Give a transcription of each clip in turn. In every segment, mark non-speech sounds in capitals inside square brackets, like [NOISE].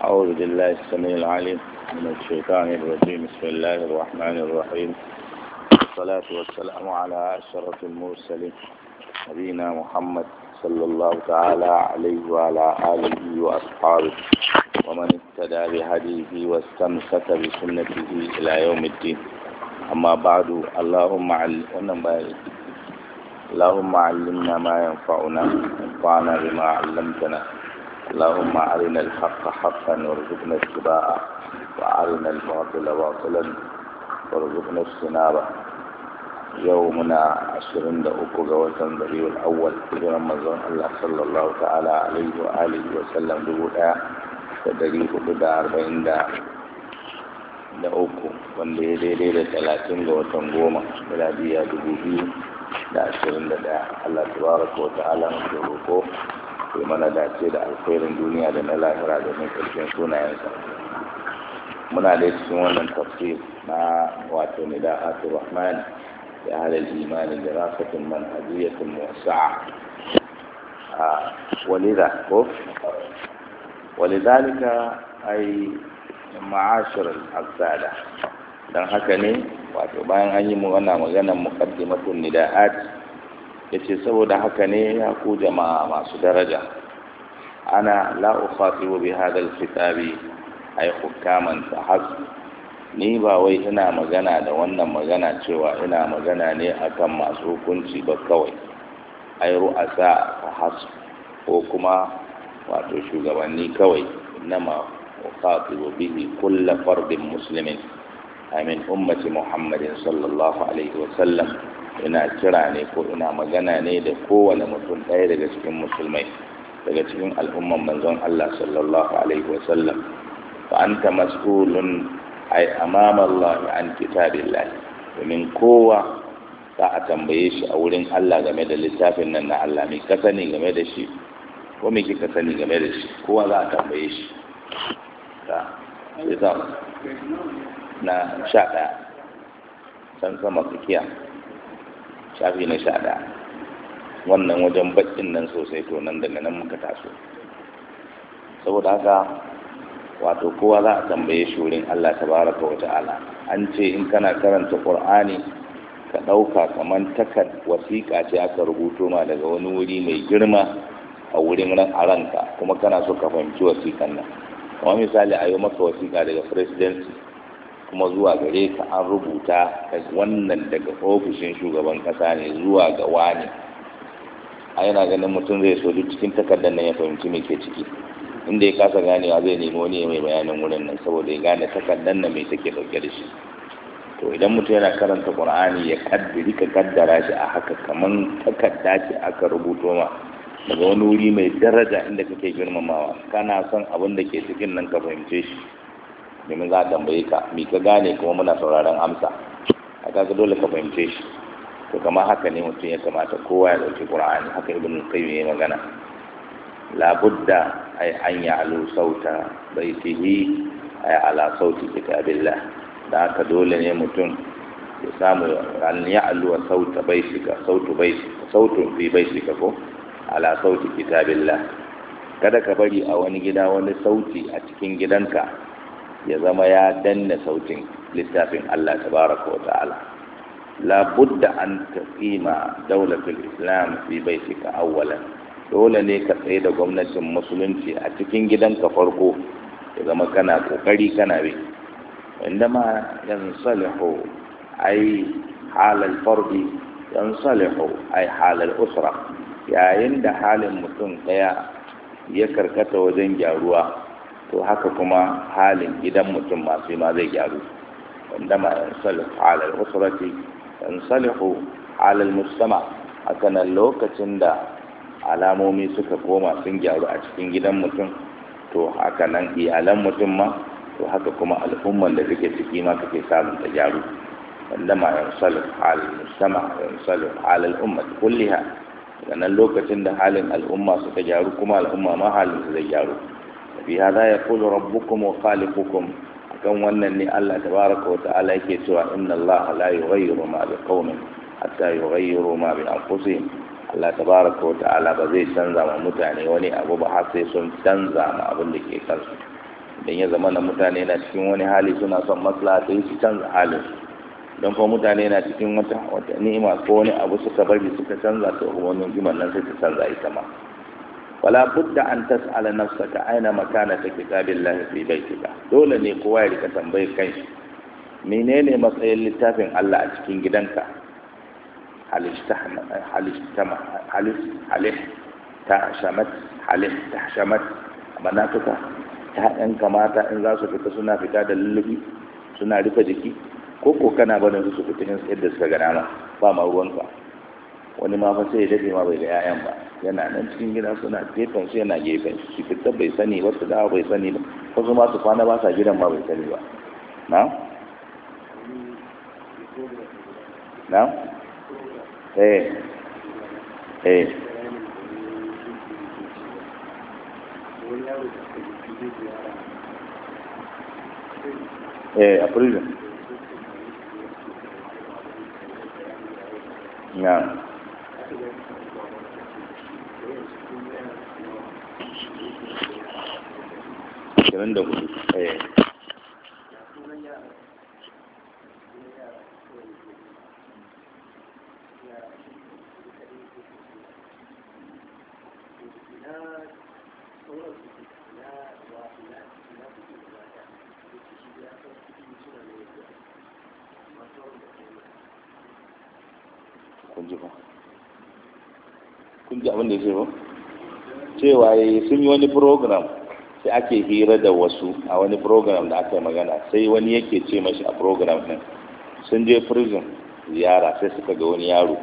أعوذ بالله السميع العليم من الشيطان الرجيم بسم الله الرحمن الرحيم والصلاة والسلام على أشرف المرسلين نبينا محمد صلى الله تعالى عليه وعلى آله وأصحابه ومن اهتدى بهديه واستمسك بسنته إلى يوم الدين أما بعد اللهم علمنا اللهم علمنا ما ينفعنا وانفعنا بما علمتنا اللهم أرنا الحق حقا وارزقنا اتباعه وأرنا الباطل باطلا وارزقنا اجتنابه يومنا عشرين دقوق وزن الربيع الأول في رمضان الله صلى الله تعالى عليه وآله وسلم دقوقا تدريب بدا أربعين da uku wanda دي دي da talatin ga watan goma miladiya dubu biyu da ashirin da ɗaya ke mana dace da alkhairin duniya da na lahira da mai karshen sunayensa muna da cikin wannan tafsir na wato da hatu rahman ya halar imani da rafatun hajiyatun musa a walida ko walidalika ai ma'ashirin al'azada don haka ne wato bayan an yi wannan maganar muqaddimatun nida'at ya ce saboda haka ne ya ku jama'a masu daraja ana la'ukhatibu bi hadal kitabi ay hukaman tahas ni ba wai ina magana da wannan magana cewa ina magana ne akan masu hukunci ba kawai ay ru'asa tahas ko kuma wato shugabanni kawai nama ukhatibu bihi kullu fardin Musulmin amin ummati muhammadin sallallahu alaihi wa ina kira ne ko ina magana ne da kowane mutum ɗaya daga cikin musulmai daga cikin al'umman manzon Allah sallallahu alaihi wasallam fa anta mas'ulun ay amama Allah an kitabillah domin kowa za a tambaye shi a wurin Allah game da littafin nan na Allah mai kasani game da shi ko mai kika sani game da shi kowa za a tambaye shi ta na sha ɗaya can sama tsakiya shafi na sha ɗaya wannan wajen baƙin nan sosai to nan daga nan muka taso saboda haka wato kowa za a tambaye shi wurin Allah tabaraka wa ta'ala an ce in kana karanta Ƙur'ani ka ɗauka kamar takar wasiƙa ce aka rubuto ma daga wani wuri mai girma a wurin nan a ranka kuma kana so ka fahimci wasiƙan nan kamar misali a yi maka wasiƙa daga presidency kuma zuwa gare ka an rubuta wannan daga ofishin shugaban kasa ne zuwa ga wani a yana ganin mutum zai so duk cikin takardar nan ya fahimci me ke ciki inda ya kasa ganewa zai nemo ne mai bayanin wurin nan saboda ya gane takardar nan mai take dauke da shi to idan mutum yana karanta qur'ani ya kaddari ka kaddara shi a haka kaman takarda ce aka rubuto ma daga wani wuri mai daraja inda kake girmamawa kana son abin da ke cikin nan ka fahimce shi domin za a tambaye ka mi ka gane kuma muna sauraron amsa a kaga dole ka fahimce shi to kamar haka ne mutum ya kamata kowa ya ɗauki ƙur'ani haka ibn qayyim ya magana labudda ay an ya'lu sauta baitihi ay ala sauti kitabillah da haka dole ne mutum ya samu an ya'lu sauta baitika sautu baitika sautu fi baitika ko ala sauti kitabillah kada ka bari a wani gida wani sauti a cikin gidanka ya zama ya danna sautin littafin Allah tabaraka wa ta'ala la budda an taqima daulatul islam fi baitika awwalan dole ne ka tsaye da gwamnatin musulunci a cikin gidanka farko ya zama kana kokari kana bi inda ma yansalihu ai halal fardi yansalihu ai halal usra yayin da halin mutum daya ya karkata wajen gyaruwa to haka kuma halin gidan mutum masu ma zai gyaru wanda ma yan salihu alal usrati yan salihu alal mustama haka nan lokacin da alamomi suka koma sun gyaru a cikin gidan mutum to haka nan iyalan mutum ma to haka kuma al'umman da suke ciki ma kake samun ta gyaru wanda ma yan salihu alal mustama yan salihu alal ummati kulliha daga nan lokacin da halin al'umma suka gyaru kuma al'umma ma halin su zai gyaru fi hada yaqulu rabbukum wa khaliqukum kan wannan ne Allah tabaraka wa ta'ala yake cewa inna Allah la yughayyiru ma biqaumin hatta yughayyiru ma bi anfusihim Allah tabaraka wa ta'ala ba zai canza ma mutane wani abu ba har sai sun canza ma abin da ke kansu idan ya zama na mutane na cikin wani hali suna son maslaha sai su canza halin don kuma mutane na cikin wata wani abu suka bari suka canza to wani nan sai ta canza ita ma wala budda an tas'ala nafsaka aina makanata kitabillahi fi baitika dole ne kowa ya rika tambayi kanshi menene matsayin littafin Allah a cikin gidanka halih ta shamat ta ta ɗan kamata in za su fita suna fita da lullubi suna rufe jiki ko ko kana barin su su fita in yadda suka gana ma ba ma ruwanka wani ma fa sai ya ma bai ga 'ya'yan ba yana nan cikin gida suna gefen su yana gefen shi fitar bai sani ba su dawa bai sani ba wasu ma su kwana ba sa gidan ma bai sani ba na na eh eh eh a prison na ashirin da hudu kun ji abin da ya ce ba cewa sun yi wani program sai ake hira da wasu a wani program da aka yi magana sai wani yake ce mashi a program din sun je prison ziyara sai suka ga wani yaro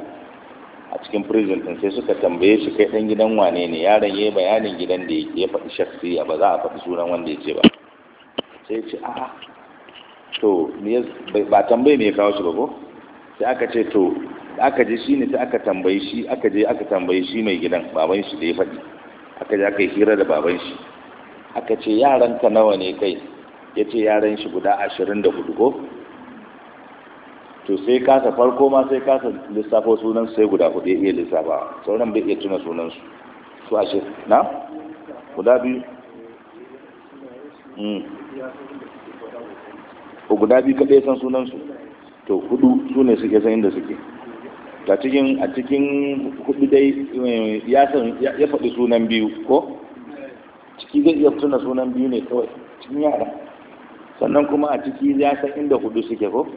a cikin prison din sai suka tambaye shi kai dan gidan wane ne yaron yayi bayanin gidan da yake ya faɗi shakhsiya ba za a faɗi sunan wanda ya ce ba sai ce a'a to ba tambaye me ya kawo shi ba ko sai aka ce to aka je shine sai aka tambaye shi aka je aka tambaye shi mai gidan baban shi da ya faɗi aka je aka yi hira da baban shi aka ce yaran nawa ne kai ya ce yaran shi guda ashirin da hudu ko to sai kasa farko ma sai kasa lissafo sunan sai guda hudu iya lissafa sauran bai iya tuna sunan su ashe na guda biyu hmm. ko guda biyu kaɗai san sunan su? to hudu su ne suke san inda suke ta cikin a cikin hudu dai eh, ya faɗi sunan biyu ko ciki zai iya tuna sunan biyu ne kawai cikin yara sannan kuma a ciki ya san inda hudu suke ko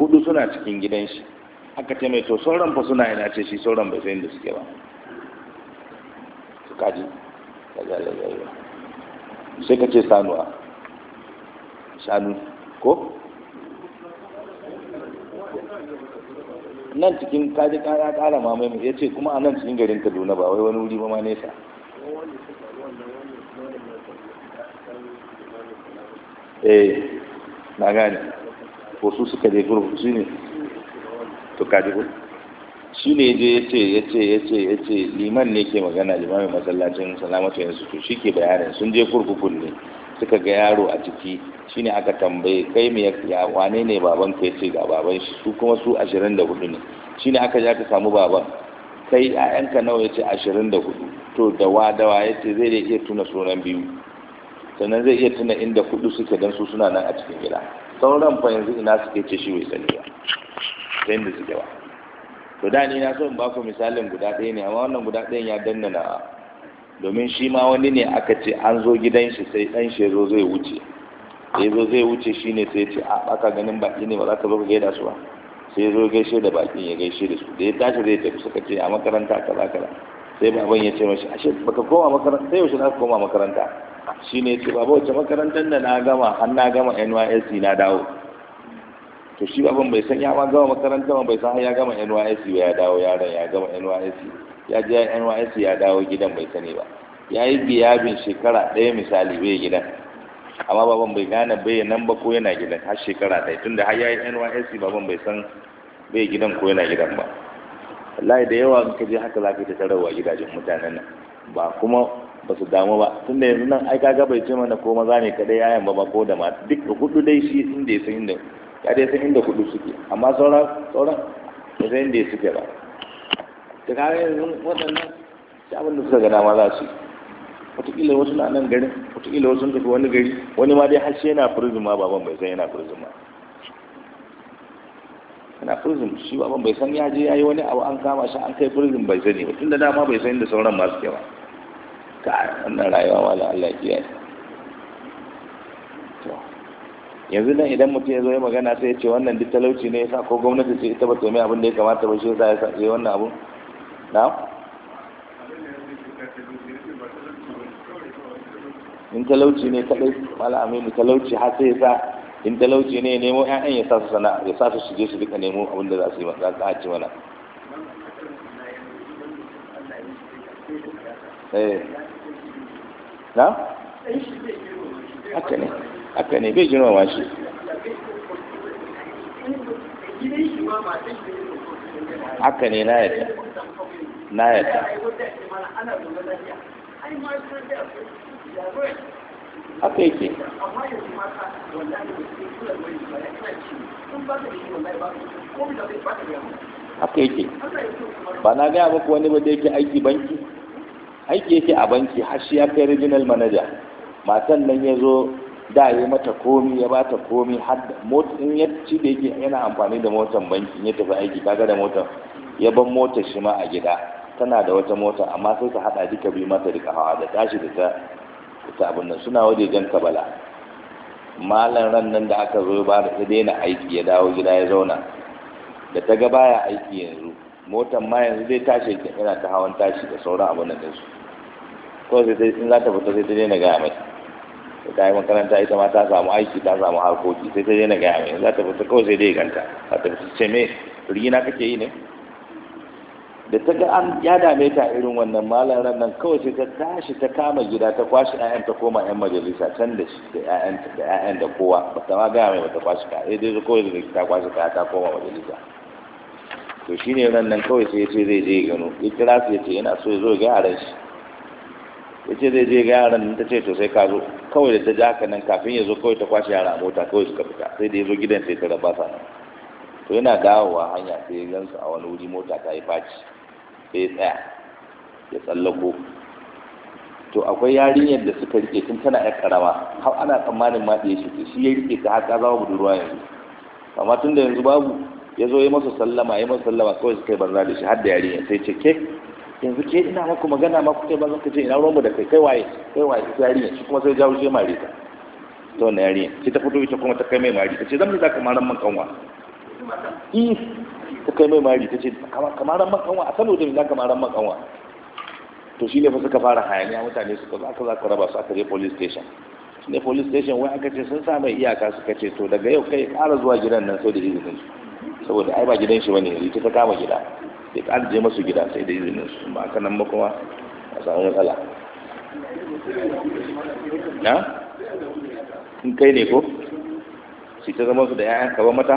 hudu suna cikin gidan shi aka ce mai to sauran fa suna ina ce shi sauran bai san inda suke ba su kaji sai ka ce sanuwa Sanu ko nan cikin kaji kara kara mamaye ya ce kuma a nan cikin garin kaduna ba wai wani wuri ba ma nesa eh na gane ko su suka je gurbu su ne to kaji ko shi ne je ya ce ya ce ya ce ya ce liman ne ke magana limamin masallacin salamatu yanzu to shi ke bayanin sun je kurkukun ne suka ga yaro a ciki shine aka tambaye kai me ya wane ne baban ka ce ga baban shi su kuma su ashirin da hudu ne shine aka ja ka samu baban kai yanka nawa ya ce to da wa da wa yace zai da iya tuna sunan biyu sannan zai iya tuna inda kudu suke don su suna nan a cikin gida sauran fa yanzu ina suke ce shi wai sani ba sai inda suke ba to da ni na so in baku misalin guda ɗaya ne amma wannan guda ɗayan ya dannana domin shi ma wani ne aka ce an zo gidan shi sai ɗan shi zo zai wuce sai zo zai wuce shi ne sai ce a baka ganin baki ne ba za ka zo ka gaida su ba sai zo gaishe da baki ya gaishe da su da ya tashi zai tafi suka ce a makaranta kaza kaza sai baban ya ce mashi ashe baka koma makaranta sai yaushe za ka koma makaranta shi ne ce baba wace makarantar da na gama har na gama nysc na dawo to shi baban bai san ya ma gama makarantar bai san har ya gama nysc ba ya dawo yaron ya gama nysc ya je nysc ya dawo gidan bai sani ba ya yi biyabin shekara ɗaya misali bai gidan amma baban bai gane bai nan ba ko yana gidan har shekara ɗaya tunda har ya yi nysc baban bai san bai gidan ko yana gidan ba wallahi da yawa ka je haka zaka ta tarawa gidajen mutanen nan ba kuma ba su damu ba tun da yanzu nan ai kaga bai ce mana ko maza ne kadai yayan ba ko da mata duk da hudu dai shi inda ya san inda ya dai san inda hudu suke amma sauran sauran ba san inda suke ba da kaga yanzu waɗannan shi abin da suka gana ma za su wataƙila wasu na nan garin wataƙila wasu sun tafi wani gari wani ma dai har shi yana prison ma baban bai san yana prison ma yana prison shi ba bai san ya je ya yi wani abu an kama shi an kai prison bai sani ba tunda dama bai san da sauran masu kewa ka wannan rayuwa da Allah ya kiyaye yanzu nan idan mutum ya zo ya magana sai ya ce wannan duk talauci ne yasa ko gwamnati ce ita ba ta me abin da ya kamata ba shi yasa ya sai wannan abu na in talauci ne kadai mala aminu talauci har sai ya sa in talauci ne nemo ƴaƴan ya sa su sana, ya sa su su su duka nemo abin da za su yi za ta ci mana eh. na haka ne haka ne bai girmama shi haka ne na yadda na yadda haka yake haka yake ba na gaya muku wani ba da yake aiki banki aiki yake a banki har shi ya kai regional manager matan nan ya zo da ya mata komi ya ba ta komi har in ya ci da yake yana amfani da motan banki ya tafi aiki kaga da motan ya ban motar shi ma a gida tana da wata mota amma sai ta hada duka biyu mata duka hawa da tashi da ta ta abin nan suna wajejen kabala malan ran nan da aka zo ba da ta daina aiki ya dawo gida ya zauna da ta ga baya aiki yanzu motan ma yanzu zai tashi yana ta hawan tashi da sauran abin nan su ko sai sai in za ta fita sai ta daina gaya mai ta yi makaranta ita ma ta samu aiki ta samu harkoki sai ta daina gaya mai za ta fita kawai sai dai ganta za ta fita ce me rigina kake yi ne da ta ga an ya dame ta irin wannan malaran nan kawai sai ta tashi ta kama gida ta kwashi ƴaƴan ta koma ƴan majalisa can da shi da ƴaƴan da ƴaƴan da kowa ba ta ma gaya mai ba ta kwashi ka eh dai kawai da ta kwashi ka ta koma majalisa to shine ran nan kawai sai ce zai je gano ya kira su ce yana so ya zo ga yaran shi ce zai je ga yaran ta ce to sai ka zo kawai da ta ja ka nan kafin ya zo kawai ta kwashi yara a mota kawai suka fita sai da ya zo gidan sai ta rabasa nan to yana dawowa hanya sai ya gansu a wani wuri mota ta yi faci sai tsaya ya tsallako to akwai yarinyar da suka rike tun tana yar karama har ana tsammanin ma ɗaya shi shi ya rike ta haka zama budurwa yanzu amma tun da yanzu babu ya zo ya masa sallama ya masa sallama kawai suka yi banza da shi har da sai ce ke yanzu ke ina maku magana ma kuke banza ka ce ina ruwanmu da kai kai waye kai waye ita yarinyar shi kuma sai jawo shi mare ta ta wannan yarinyar sai ta fito ita kuma ta kai mai mari ta ce zan yi za ka maran man kanwa ta kai mai mari ta ce kamaran makanwa a salo da na kamaran makanwa to shi ne fa suka fara hayaniya mutane suka za ka za ka raba su aka je police station ne police station wai aka ce sun sa mai iyaka suka ce to daga yau kai ƙara zuwa gidan nan sai da izinin su saboda ai ba gidan shi bane ita ta kama gida sai ƙara je masu gida sai da izinin su ba haka nan ba kuma a samu matsala na in kai ne ko shi ta zama su da 'ya'yan kaba mata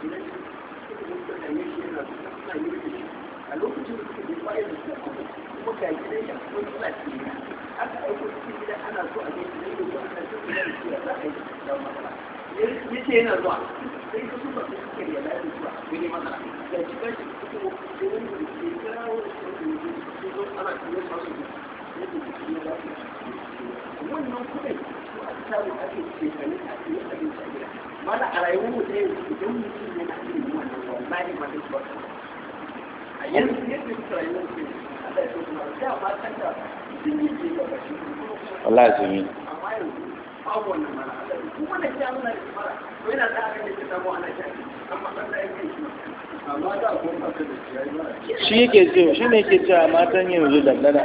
a lokacin da suka je bayan ana so a je gidan da ana cikin gidan da a yi da matsala yi samun a yau wannan kuma da ba amma yanzu shi mara to yana da ke samu ana amma kan da yake shi shi yake ce shi ne yake cewa matan yanzu dangana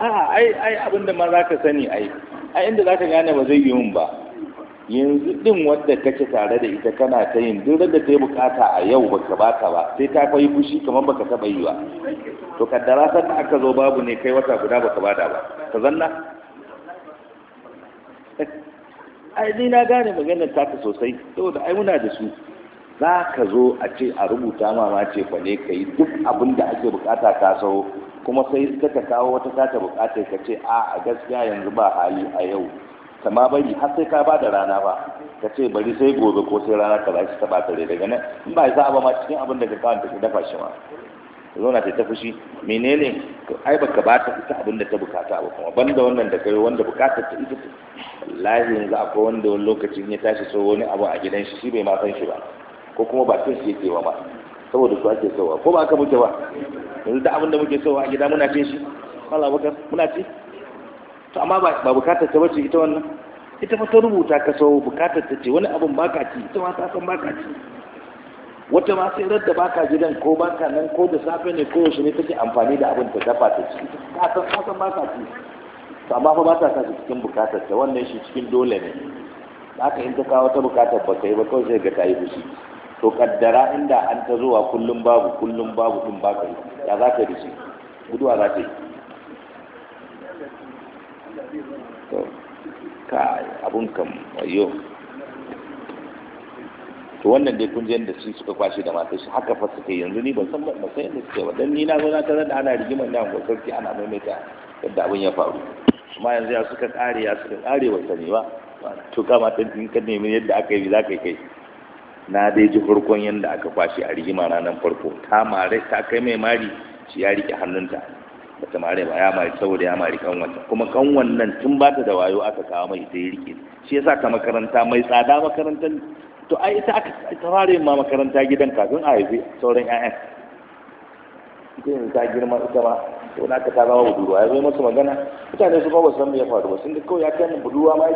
a'a ai ai abinda maza ka sani ai a inda za ka gane ba zai yi ba yanzu din wadda kake tare da ita kana ta yin duk da ta yi bukata a yau ka bata ba sai ta fayi fushi kamar baka taba yi ba to dara san da aka zo babu ne kai wata guda baka bada ba ka zanna [LAUGHS] ai ni na gane maganar taka sosai saboda ai muna da su za ka zo a ce a rubuta mama ce fa ne ka yi duk abin da ake bukata ka sau kuma sai ka kawo wata kata bukata ka ce a a gaskiya yanzu ba hali a yau kama bari har sai ka ba da rana ba ka ce bari sai gobe ko sai rana ka shi ta bata rai daga nan in ba za a ba ma cikin abin da ka kawo ta dafa shi ma zauna ta tafi shi menene ai baka ba ta ita abin da ta bukata ba kuma banda wannan da kai wanda bukata ta ita wallahi yanzu akwai wanda wani lokacin ya tashi so wani abu a gidan shi shi bai ma san shi ba ko kuma ba cin su yake ba saboda su ake sowa ko ba aka muke ba yanzu da abin da muke sowa a gida muna cin shi Allah baka muna ci to amma ba bukatar ta bace ita wannan ita fa ta rubuta ka sau bukatar ta ce wani abin baka ci ita ma ta san baka ci wata ma sai radda baka gidan ko baka nan ko da safe ne ko yaushe ne take amfani da abin ta dafa ta ci ta san ta san baka ci to amma fa ba ta sa cikin bukatar ta wannan shi cikin dole ne haka in ta kawo ta bukatar ba kai ba kawai sai ga ta yi fushi to kaddara inda an ta zuwa kullum babu kullum babu din ba ka ya za ka yi shi guduwa za ta yi to ka abun kan wayo to wannan dai kun da su suka kwashe da matar shi haka fa suka yanzu ni ban san ba san yadda suke ba dan ni na zo na tarar da ana rigimar da ko sarki ana maimaita yadda abun ya faru amma yanzu ya suka kare ya suka kare ba sani ba to kama ta in ka nemi yadda aka yi za ka yi kai na dai ji farkon yadda aka kwashe a rigima ranar farko ta mare ta kai mai mari shi ya rike hannunta ba ta mare ba ya mari saboda ya mari kanwanta kuma kanwan nan tun ba ta da wayo aka kawo mai ta yi rike shi yasa ta makaranta mai tsada makarantar to ai ita aka ta fara ma makaranta gidan kafin a haifi sauran 'ya'yan ita yanzu ta girma ita ma to na ka ta zama budurwa ya zo masa magana mutane su ba ba san me ya faru ba sun da kawai ya kai mu budurwa ma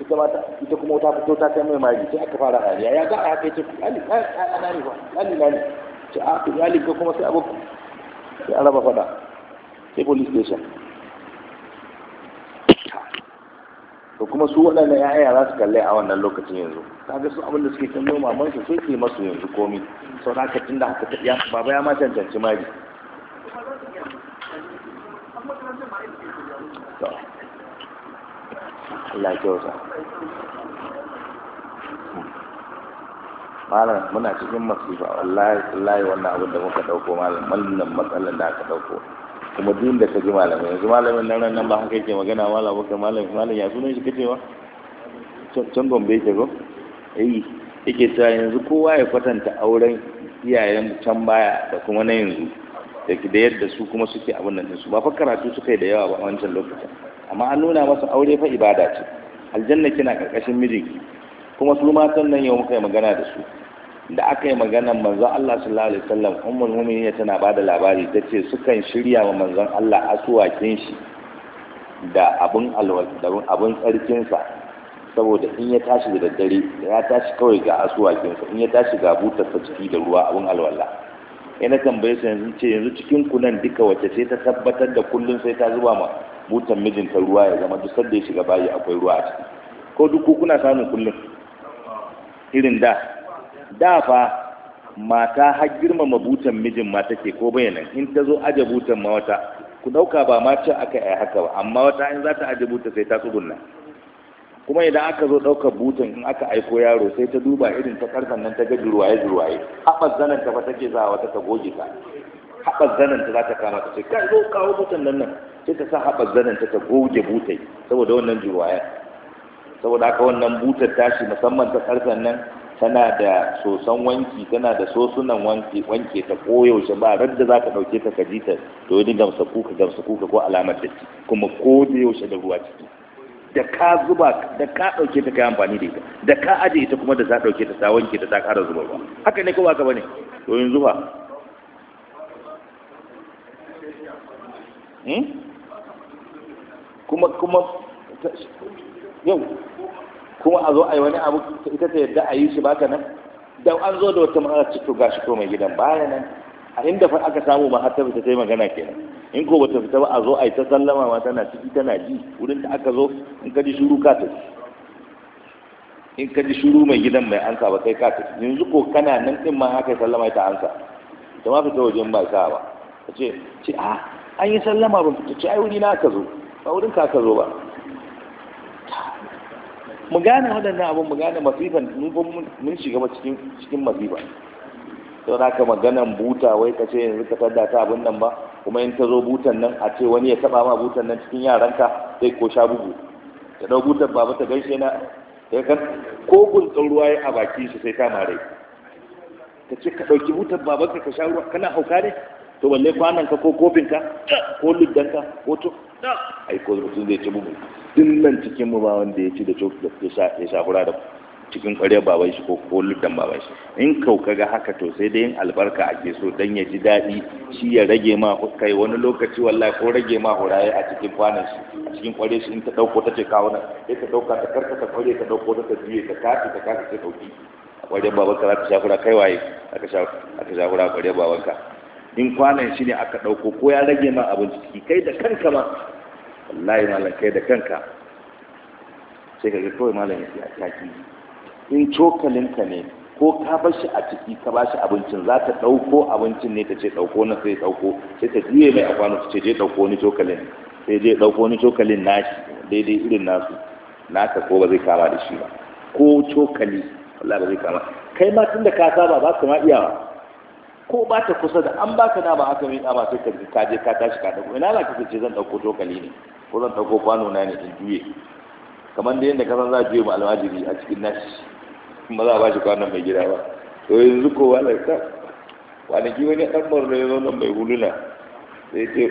ita ma ita kuma ta fito ta kai mai mari sai aka fara dariya ya ga aka ce ali ana ne ba ali ali ce a ah, ku ali ko kuma sai abu sai araba fada sai police station to kuma su waɗannan ya'ya za su kalle a wannan lokacin yanzu kaga su abinda suke kan mamansu sai su yi masu yanzu komi sau da haka tun da ta ya baba ya ma cancanci mari Allah kyauta malam muna cikin masifa wallahi wallahi wannan abin da muka dauko malam wannan matsalar da aka dauko kuma duk da ka ji malamai yanzu malamin nan nan ba haka yake magana malam ba malam malam ya sunan shi kace wa can gombe yake go eh yake cewa yanzu kowa ya kwatanta auren iyayen can baya da kuma na yanzu da yadda su kuma suke abin nan su ba fa karatu suka yi da yawa ba a wancan lokacin amma an nuna masa aure fa ibada ce aljanna kina karkashin mijinki kuma su matan nan yau muka yi magana da su da aka yi magana manzon Allah sallallahu alaihi wasallam ummul mu'minin tana bada labari tace sukan shirya wa manzon Allah asuwakin shi da abun alwal da abun tsarkin sa saboda in ya tashi da daddare ya tashi kawai ga asuwakin sa in ya tashi ga butar sa ciki da ruwa abun alwala Ina eh, na tambaye su yanzu ce yanzu cikin kunan nan duka wacce sai ta tabbatar da kullum sai ta zuba ma butan mijinta ruwa ya zama dusar da ya shiga bayi akwai ruwa a ciki ko duk ku kuna samun kullum irin da da fa mata har girmama butan mijin ma take ko bayanan in ta zo aje butan ma wata ku dauka ba ma ce aka yi haka ba amma wata in za ta aje butan sai ta tsugunna kuma idan aka zo ɗaukar butan in aka aiko yaro sai ta duba irin ta karfan nan ta ga jirwaye jirwaye haɓar zanen ta ba take zawa wata ta goge ta haɓar zanen ta za ta kama ta sai kai zo kawo butun nan nan sai ta sa haɓar zanen ta ta goge butai saboda wannan jirwaye saboda haka wannan butar tashi musamman ta karfan nan tana da sosan wanki tana da sosunan wanki wanke ta koyaushe ba da za ka ɗauke ta ka to yi gamsa kuka gamsa kuka ko alamar da kuma ko da yaushe da ruwa ciki da ka zuba da ka ɗauke ta kai amfani da ita da ka aje ita kuma da za ɗauke ta ta wanke da ta ƙara zuba ba haka ne ko ba ka bane to yanzu ba hmm? kuma kuma yau kuma a zo a yi wani abu ita ta yadda a yi shi baka nan da an zo da wata ma'ana cikin gashi ko mai gidan baya nan a inda fa aka samu ba har ta fita sai magana kenan in ko bata fita ba a zo a yi ta sallama ma tana ciki tana ji wurin da aka zo in ka ji shuru ka in ka ji shuru mai gidan mai ansa ba kai ka yanzu ko kana nan din ma aka sallama ita ansa da ma fita wajen ba sa ba ta ce ce a an yi sallama ba fita ce ai wuri na ka zo ba wurin ka ka zo ba mu gane waɗannan abin mu gane masifan mun shiga cikin cikin masifa sau na ka maganan buta wai ka ce yanzu ka tada ta abin nan ba kuma in ta zo butan nan a ce wani ya taba ma butan nan cikin yaranka zai ko sha bugu ta dau butan baba ta gaishe na ko guntun ruwa ya a baki shi sai ta rai ka ce ka ɗauki butan babanka ka sha ruwa kana hauka ne to balle kwanan ka ko kofin ka ko luddan ka ko to ai ko mutum zai ci bugu din nan cikin mu ba wanda ya ci da coki da ya sha fura da mu cikin ƙwarya baban shi ko ko lutan baban shi in kau kaga haka to sai dai albarka ake so dan ya ji daɗi shi ya rage ma kai wani lokaci wallahi ko rage ma huraye a cikin kwanan shi a cikin ƙwarya shi in ta ɗauko ta ce kawo nan sai ta dauka ta ta ƙwarya ta ɗauko ta ta juye ta kafi ta kafi ta ɗauki ƙwarya babanka za ta shafura kai waye aka shafura ƙwarya babanka in kwanan shi ne aka ɗauko ko ya rage ma abin ciki kai da kanka ma wallahi malam kai da kanka sai ka ga kawai malam ya ce a taki in cokalinka ne ko ka bar shi a ciki ka bashi shi abincin za ta ɗauko abincin ne ta ce ɗauko na sai ɗauko sai ta juye mai a kwano ta ce je ɗauko ni cokalin sai je ɗauko ni cokalin nashi daidai irin nasu naka ko ba zai kama da shi ba ko cokali Allah ba zai kama kai ma tunda ka saba ba su ma iyawa ko ba ta kusa da an baka dama aka mai dama sai ka je ka tashi ka dauko ina za ka ce zan dauko cokali ne ko zan dauko kwano na ne in juye kamar da yadda ka san za a juye ma almajiri a cikin nashi ba za a ba shi kwanan mai gida ba to yanzu ko wala ka kwanaki wani dan borno ya zo nan mai huluna sai ce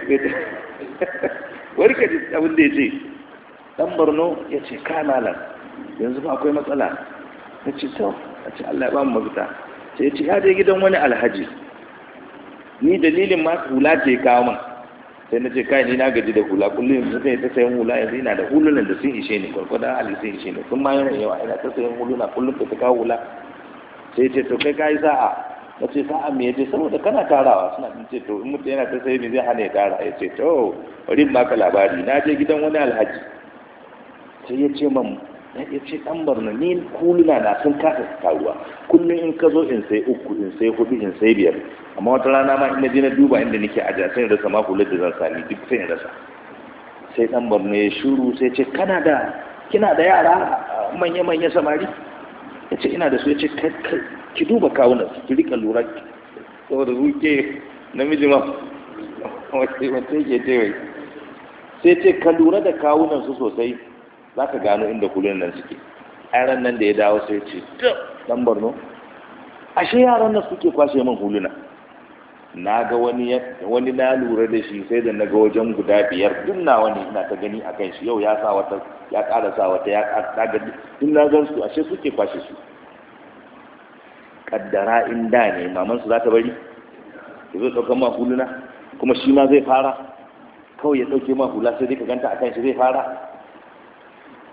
wani kaji ji abin da ya ce dan borno ya ce ka malam yanzu ba akwai matsala ya ce to a ce allah ya ba mu mafita sai ya ce ya je gidan wani alhaji ni dalilin ma hula ce kawo mana sai na ce kai ni na gaji da hula kullum yanzu sai ta sayan hula yanzu ina da hulunan da sun ishe ni gwargwada ali sun ishe ni sun ma yana yawa ina ta sayan huluna kullum ta kawo hula sai ce to kai kai sa'a na ce sa'a me ce saboda kana tarawa suna din ce to in mutum yana ta sayan ni zai hana ya tara ya ce to bari in baka labari na je gidan wani alhaji sai ya ce man ya ce dan barna ni kuluna na sun kasa taruwa. kullum in ka zo in sai uku in sai hudu in sai biyar amma wata rana ma ina je na duba inda nake a jasin rasa ma hular da zan sami duk sai in rasa sai dan barna ya shuru sai ce kana da kina da yara manya manya samari ya ce ina da su ya ce ki duba kawunan su ki rika lura saboda ruke namiji ma [LAUGHS] wace mace ke ce sai ce ka lura da kawunan su sosai za ka gano inda kulun nan suke ayaran nan da ya dawo sai ce dan borno ashe yaran nan suke kwashe min huluna na ga wani na lura da shi sai da na ga wajen guda biyar duk na wani ina ta gani a kan shi yau ya sa wata ya ƙara sa wata ya ƙara ga duk na gan su ashe suke kwashe su kaddara in da ne maman su za ta bari ya zo ɗaukar ma huluna kuma shi ma zai fara kawai ya ɗauke ma hula sai dai ka ganta a kan shi zai fara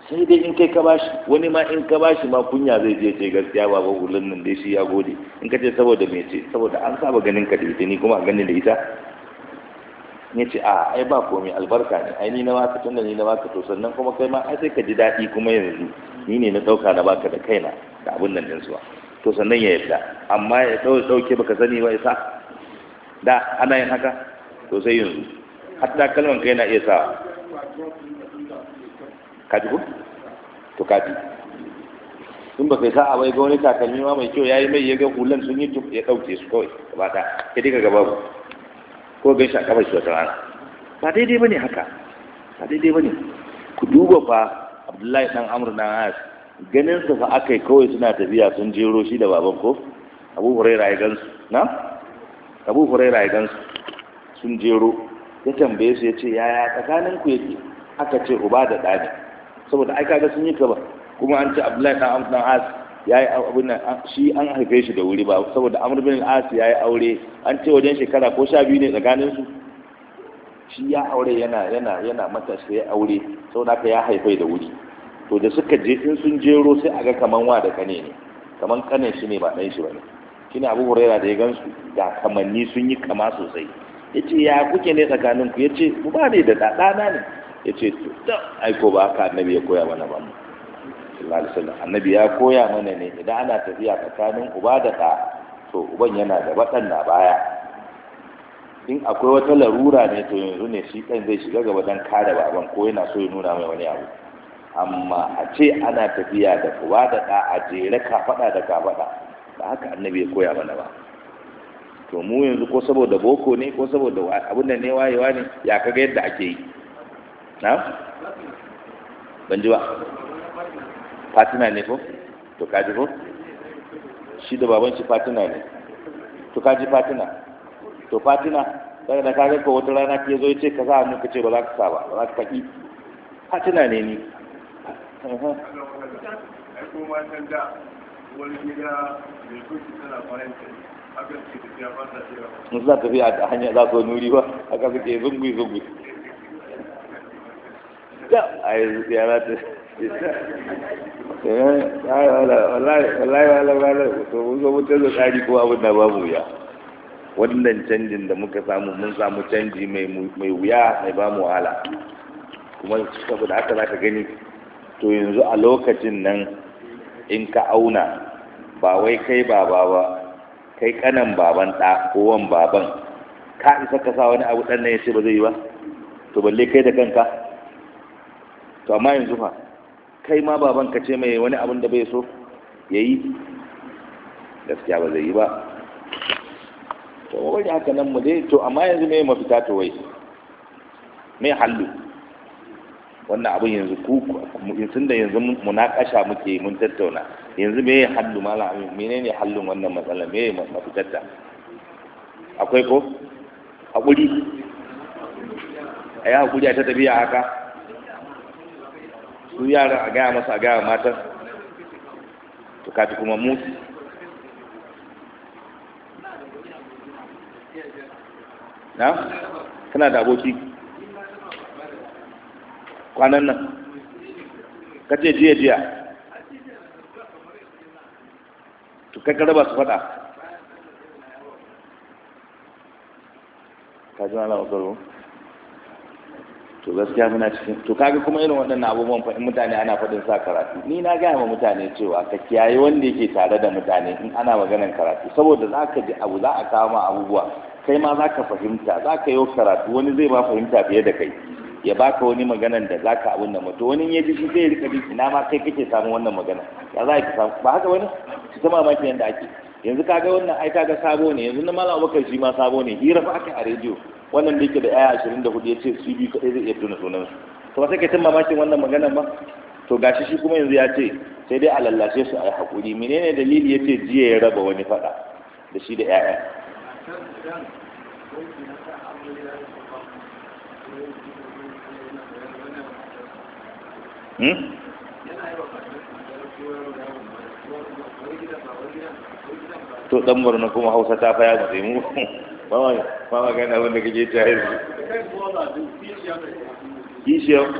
sai dai in kai ka bashi wani ma in ka bashi ma kunya zai je ce gaskiya ba hulun nan dai shi ya gode in ka ce saboda me ce saboda an saba ganin ka da ita ni kuma a ganin da ita ne ce a ai ba komai albarka ne ai ni na baka tunda ni na baka to sannan kuma kai ma ai sai ka ji daɗi kuma yanzu ni ne na ɗauka na baka da kaina da abin nan din zuwa to sannan ya yarda amma ya ɗauke baka sani ba isa da ana yin haka to sai yanzu hatta kalman kai na iya sa kaji ku to kaji sun ba kai sa'a bai ga wani takalmi ma mai kyau yi mai ya ga hulan sun yi tuk ya dauke su kawai ba ta ya dika gaba ku ko gan sha kafar shi wata rana ba daidai ba ne haka ba daidai ba ne. ku duba fa Abdullahi Ɗan amur na As ganin sa fa yi kawai suna tafiya sun jero shi da baban ko Abu Hurairah ya gansu na Abu ya sun jero ya tambaye su ya ce yaya tsakaninku yake aka ce uba da ɗani saboda ai kaga sun yi kaba kuma an ce abdullahi dan amr dan as yayi abin shi an haife shi da wuri ba saboda amr bin as yayi aure an ce wajen shekara ko sha biyu ne tsakanin su shi ya aure yana yana yana matashi ya aure saboda haka ya haife da wuri to da suka je in sun jero sai a ga kaman wa da kane ne kaman kane shi ne ba ɗan shi ba ne shine abu huraira da ya gansu da kamanni sun yi kama sosai yace ya kuke ne tsakaninku yace ku ba ne da ɗana ne ya ce aiko ba haka annabi ya koya mana ba annabi ya koya mana ne idan ana tafiya tsakanin uba da ɗa to uban yana da waɗanda baya in akwai wata larura ne to yanzu ne shi ɗan zai shiga gaba don kare baban ko yana so ya nuna mai wani abu amma a ce ana tafiya da uba da ɗa a jere kafaɗa da kafaɗa ba haka annabi ya koya mana ba to mu yanzu ko saboda boko ne ko saboda abin da ne wayewa ne ya kaga yadda ake yi na ban ji ne ko to kaji ko shi da baban shi Fatima ne to kaji Fatima. to Fatima, daga da kaga ko wata rana ke zo yace ce ka za mu kace ce ba za ka saba, ba za ka faɗi Fatima ne ni in za tafiya a hanya za su wani wuri ba aka suke zungui zungui a yi yara ta eh, da wannan canjin da muka samu mun samu canji mai wuya mai ba mu wahala kuma saboda haka za ka gani to yanzu a lokacin nan in ka auna ba wai kai baba ba kai kanan baban ɗa ko wan baban ka isa ka sa wani abu ɗan nan ya ce ba zai yi ba to balle kai da kanka to amma yanzu fa kai ma baban ka ce mai wani abin da bai so ya yi gaskiya ba zai yi ba to wani haka nan mu dai to amma yanzu mai mafita to wai mai hallu wannan abin yanzu ku sun da yanzu munakasha muke mun tattauna yanzu me hallu mala amin menene hallun wannan matsala me mafitarta akwai ko hakuri a yi hakuri a ta tafiya haka su yara a gaya masa a gaya matan to kaji kuma musu na kana da aboki kwanan nan ka jiya jiya to kai raba su fada ka ji na lamar to gaskiya muna cikin to kaga kuma irin waɗannan abubuwan fa mutane ana faɗin sa karatu ni na gaya ma mutane cewa ka kiyaye wanda yake tare da mutane in ana maganar karatu saboda za ka ji abu za a kawo ma abubuwa kai ma za ka fahimta za ka yi karatu wani zai ba fahimta fiye da kai ya baka wani maganan da za ka abin da mutu wani ya ji shi zai rika bi ina ma kai kake samun wannan magana ya za ka samu ba haka wani su ta mamaki yadda ake yanzu kaga wannan ai kaga sabo ne yanzu na malam abubakar shi ma sabo ne hira fa aka a rediyo wannan da yake da aya ashirin da hudu ya ce su biyu kaɗai zai iya tuna sunansu to ba sai ka tun mamakin wannan magana ba to gashi shi kuma yanzu ya ce sai dai a lallashe su a yi haƙuri menene dalili ya ce jiya ya raba wani faɗa da shi da 'ya'ya hmm? to dan barna kuma hausa ta faya mu [LAUGHS] ba ba magana wanda kake ta yanzu kishiyar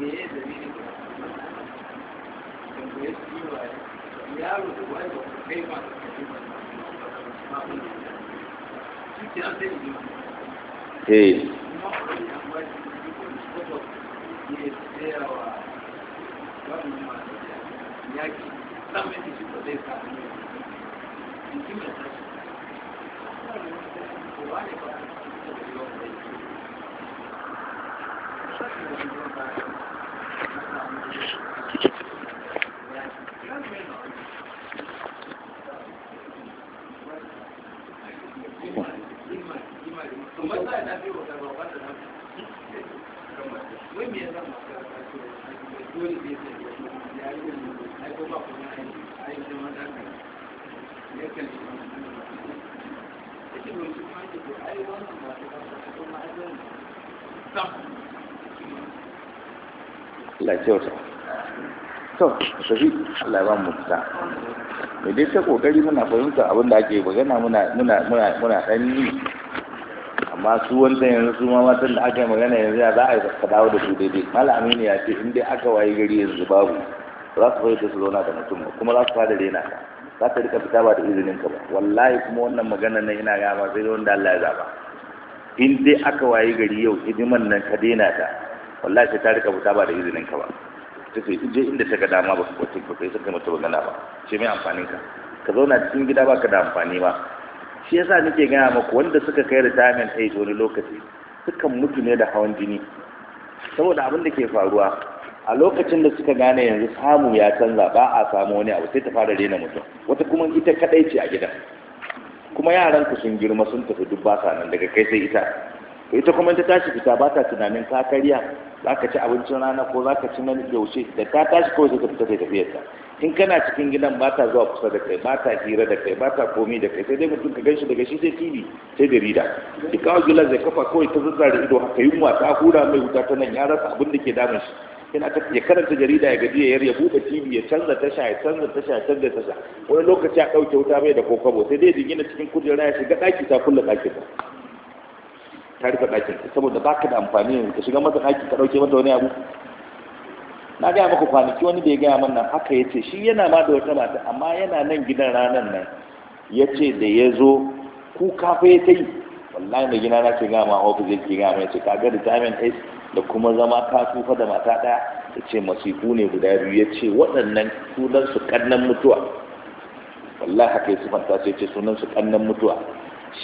me ya dalili da ku ya ci wa yaro da wani ba ku kai ba ba shi ke an sai ne shi ba zai ne Allah kyauta to sahi Allah ba mu ta me dai ta kokari muna fahimta abin da ake magana muna muna muna muna dan yi amma su wanda yanzu su ma matan da aka yi magana yanzu ya za a yi ka dawo da su daidai mala aminu ya ce in dai aka wayi gari yanzu babu za su fahimta su zauna da mutum kuma za su fada daina ka za ka rika fita ba da izinin ka ba wallahi kuma wannan magana nan ina gama sai da wanda Allah ya zaba in dai aka wayi gari yau hidiman nan ka daina ta wallahi sai ta rika fita ba da izinin ka ba ta ce je inda ta ga dama ba ku kwace ba kai suka mata magana ba ce mai amfanin ka ka zauna cikin gida ba ka da amfani ba shi yasa nake gaya maku wanda suka kai retirement age wani lokaci sukan mutu ne da hawan jini saboda abin da ke faruwa a lokacin da suka gane yanzu samu ya canza ba a samu wani abu sai ta fara rena mutum wata kuma ita kadai ce a gidan kuma yaran ku sun girma sun tafi duk ba sa nan daga kai sai ita ita kuma ta tashi fita ba ta tunanin ka karya za ka ci abincin rana ko za ka ci na yaushe da ta tashi kawai sai ta fita sai tafiyarta in kana cikin gidan ba ta zuwa kusa da kai ba ta hira da kai ba ta komi da kai sai dai mutum ka ganshi daga shi sai tv sai da rida da kawai gilas zai kafa kawai ta da ido haka yunwa ta hura mai wuta ta nan ya rasa abin da ke damun shi yana ta ya karanta jarida ya gaji ya buɗe tv ya canza tasha ya canza tasha ya canza tasha wani lokaci a ɗauke wuta bai da kokabo. sai dai jingina cikin kujera ya shiga ɗaki ta kulle ɗakin ta ta rufe ɗakin saboda ba ka da amfani ka shiga masa ɗaki ka ɗauke mata wani abu na gaya maka kwanaki wani da ya gaya mana haka ya ce shi yana ma da wata mata amma yana nan gidan ranar nan ya ce da ya zo kuka kafa ya ta yi wallahi mai gina na ce gaya ma ofis ya ke gaya mai ce kaga retirement age da kuma zama ka tufa da mata ɗaya ya ce masifu ne guda biyu ya ce waɗannan sunan su ƙannan mutuwa wallahi haka ya su sai ce sunan su ƙannan mutuwa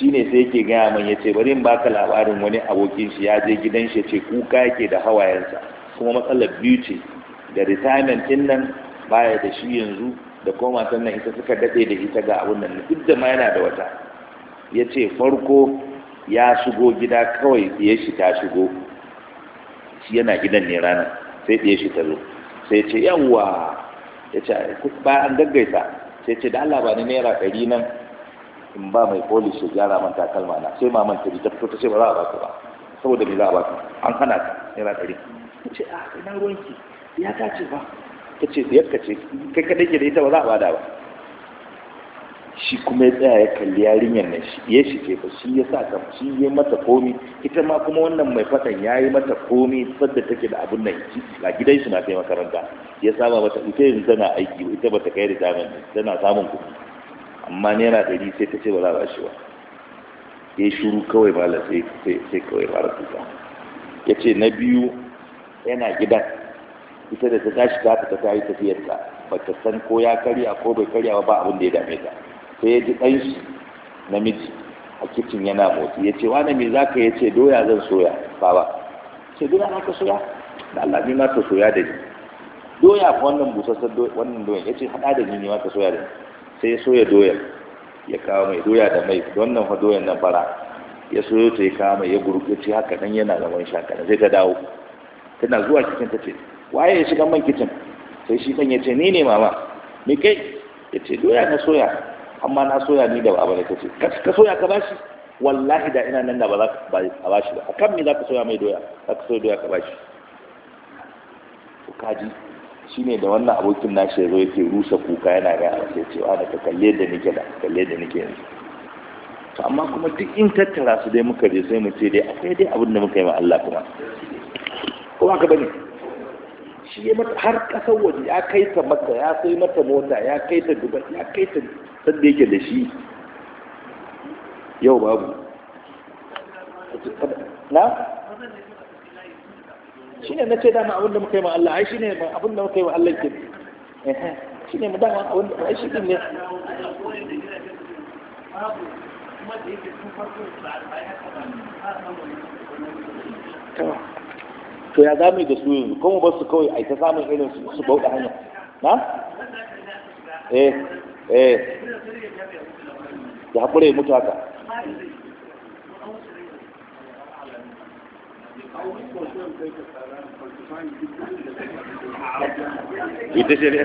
shine sai yake gaya mai ya ce bari in baka labarin wani abokin shi ya je gidan shi ya ce kuka yake da hawayensa kuma matsalar biyu ce da retirement din nan baya da shi yanzu da koma sannan nan ita suka daɗe da ita ga abun nan duk da ma yana da wata ya ce farko ya shigo gida kawai ya shi ta shigo shi yana gidan ne rana sai ya shi ta zo sai ce yawwa ya ce ba an gaggaita sai ce da Allah ba ni naira ɗari nan in ba mai polish ya gyara man takalma na sai maman ta ta fito ta ce ba za a ka ba saboda me za a ka an hana ka naira ɗari ya ce a ah, ina ruwanki ya ta ce ba ta ce biyar ka ce kai kaɗai ke da ita ba za a bada ba shi kuma ya tsaya ya kalli yarinyar nan shi ya shi ce ba shi ya sa ka shi ya mata komi ita ma kuma wannan mai fatan ya yi mata komi sadda take da abun nan ci ga gidan shi na kai makaranta ya saba mata ita yanzu tana aiki ita ba ta kai da retirement tana samun kuɗi amma yana dari sai ta ce ba za a shi ba ya shuru kawai malam sai kawai ba ya ce na biyu yana gidan ita da ta tashi ta fita ta yi tafiyarta ba ta san ko ya karya ko bai karya ba abin da ya dame ta sai ya ji ɗanshi namiji a kicin yana motsi ya ce wani mai za ka ya ce doya zan soya ba ce doya na ka soya da Allah ni ma ta soya da ni doya fa wannan busassar wannan doya ya ce haɗa da ni ne ma ta soya da ni sai ya soya doyan ya kawo mai doya da mai wannan fa doyan na fara ya soyo ta ya kawo mai ya gurgurci haka nan yana zaman shakana sai ta dawo tana zuwa cikin ta ce waye ya shiga man kicin sai shi dan ya ce ni ne mama me kai ya ce doya na soya amma na soya ni da abu da kace ka soya ka bashi wallahi da ina nan da ba za ka bashi ba akan me za ka soya mai doya za ka soya doya ka bashi to shi ne da wannan abokin nashi ya zo yake rusa kuka yana ga sai ce wa da ka kalle da nike da kalle da nike yanzu to amma kuma duk in tattara su dai muka je sai mu ce dai akwai dai abin da muka yi ma Allah kuma ko haka bane shi ya mata har kasar waje ya kai ta mata ya sai mata mota ya kai ta dubai ya kai ta sanda yake da shi yau babu na shi ne na ce dama abin da muka yi ma Allah ai shi ne abin da muka yi ma Allah ke shi ne dama abin da ai shi ne Thank to ya za mu da su yanzu kuma ba su kawai a ta samun irin su bauta hanya na eh eh ya haƙura mutu haka ita ce ne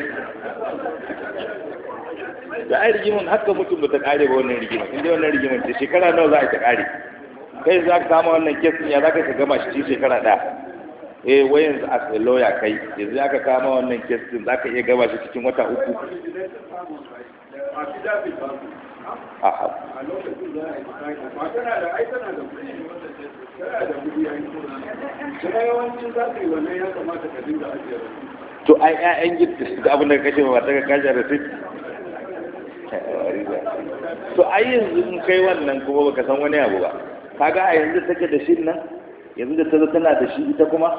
da ai rigimin haka mutum ba ta ƙare ba wannan rigimin inda wannan rigimin da shekara nawa za a ta ƙare kai za ka samu wannan kesin ya za ka gama shi shekara ɗaya eh wai yanzu as a lawyer kai yanzu aka kama wannan case din zaka iya gaba shi cikin wata uku to ai ƴaƴan gid da abin da kashe ba daga kashe da sit to ai yanzu in kai wannan kuma baka san wani abu ba kaga a yanzu take da shin nan yanzu da ta zo tana da shi ita kuma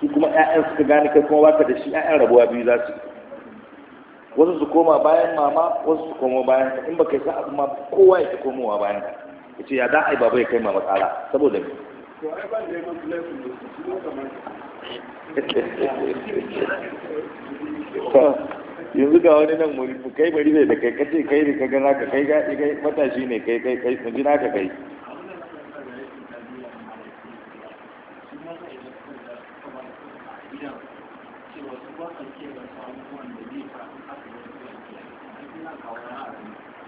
su kuma 'ya'yan suka gane kai kuma baka da shi 'ya'yan rabuwa biyu za su wasu su koma bayan mama wasu su koma bayan ka in baka yi sa'a kuma kowa ya komowa bayan ka ya ce ya za a yi baba ya kai mama tsara saboda me [LAUGHS] yanzu ga wani nan muri kai bari ne da kai kace kai ne ka ga naka kai ga matashi ne kai kai kai mun ji naka kai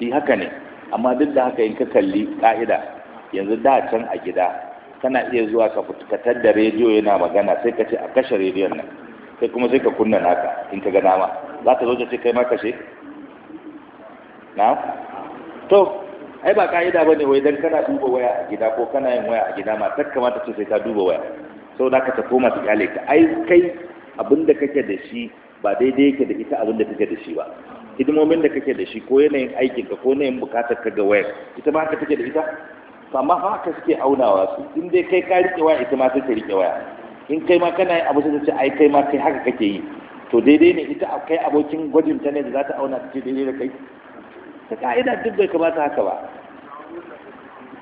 yi haka ne amma duk da haka yin ka kalli ka'ida yanzu da can a gida kana iya zuwa ka fitar da rediyo yana magana sai ka ce a kashe rediyon nan sai kuma sai ka kunna naka in ka gana ma za ta zo ta ce kai ma kashe na to ai ba ka'ida ba ne wai dan kana duba waya a gida ko kana yin waya a gida ma ta kamata sai ka duba waya sau da ka ta koma ka ai kai abin da kake da shi ba daidai yake da ita abin da kake da shi ba hidimomin da kake da shi ko yanayin aikin ka ko yanayin bukatar ka ga wayar ita ma haka take da ita to amma fa haka suke aunawa su in dai kai ka rike waya ita ma sai ta rike waya in kai ma kana yin abu sai ta ce ai kai ma kai haka kake yi to daidai ne ita kai abokin gwajin ta ne da za ta auna ta ce daidai da kai ta ka'ida duk bai kamata haka ba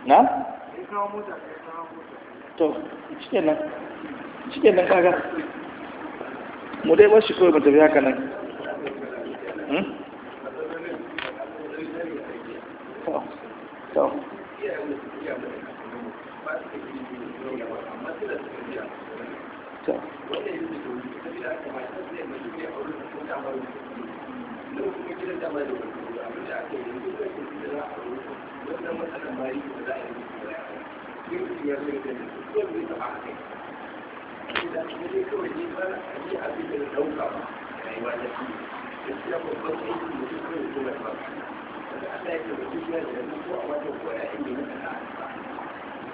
na? to shi kenan shi kenan kaga mu dai bar shi kawai mu tafi haka hmm? Thank you.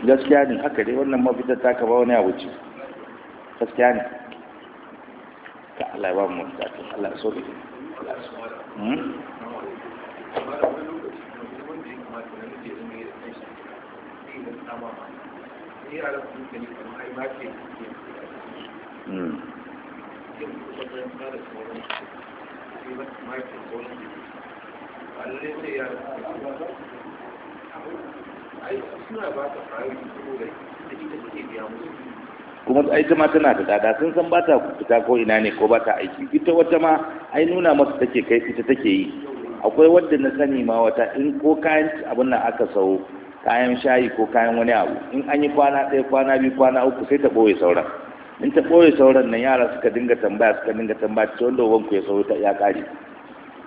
gaskiya ne haka dai wannan mafita ta kaba wani a wuce. gaskiya ne ka Allah yi ba mu mafita ta Allah so hmm? ne Hmm. kuma ai ta mata tana da tsada sun san ba ta fita ko ina ne ko ba ta aiki ita wata ma ai nuna masu take kai ita take yi akwai wadda na sani ma wata in ko kayan abin nan aka sau kayan shayi ko kayan wani abu in an yi kwana ɗaya kwana biyu kwana uku sai ta ɓoye sauran in ta ɓoye sauran nan yara suka dinga tambaya suka dinga tambaya ta wanda wanku ya sauro ta ya ƙare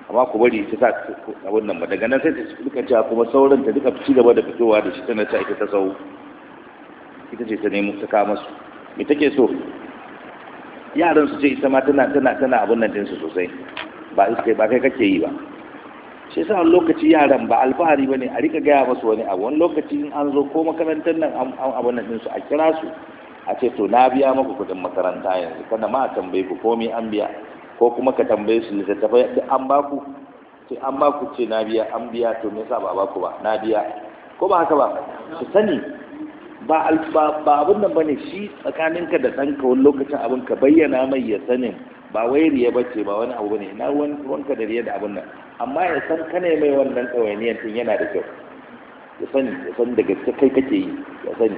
amma ku bari ta sa abin nan ba daga nan sai ta suka cewa kuma sauran ta duka ci gaba da fitowa da shi tana sa ita ta sau ita ce ta nemi ta kama su me take so yaran su ce ita ma tana tana tana abin nan ɗinsu sosai ba iskai ba kai kake yi ba shi yasa wani lokaci yaran ba alfahari ba ne a rika gaya masu wani abu wani lokaci in an zo ko makarantar nan abin nan ɗinsu a kira su a ce to na biya maku kudin makaranta yanzu kada ma tambaye ku komai an biya ko kuma ka tambaye su littattafai duk an baku ce an baku ce na biya an biya to me yasa ba ku ba na biya ko ba haka ba su sani ba ba abin nan bane shi tsakanin ka da ɗanka wani lokacin abin ka bayyana mai ya sanin ba wai riya bace ba wani abu bane na wanka da riya da abin nan amma ya san kane mai wannan ɗawainiyar tun yana da kyau ya sani ya san da gaske kai kake yi ya sani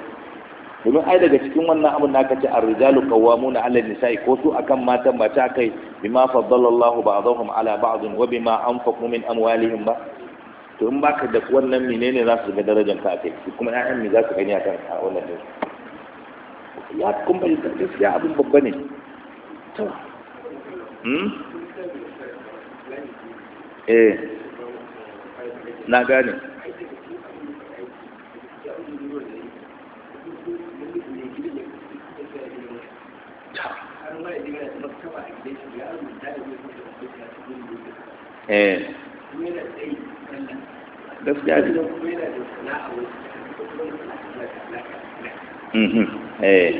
domin ai daga cikin wannan abin da aka ce ar-rijalu qawwamuna 'ala an-nisa'i ko su akan matan ba ta kai bima faddala Allahu ba'dahum 'ala ba'd wa bima anfaqu min amwalihim ba to in baka da wannan menene za su ga darajar ka kai kuma 'ya'yan me za su gani akan wannan din ya kun da gaskiya abin babba ne to hmm eh na gane eh gaskiya ne mhm. eh.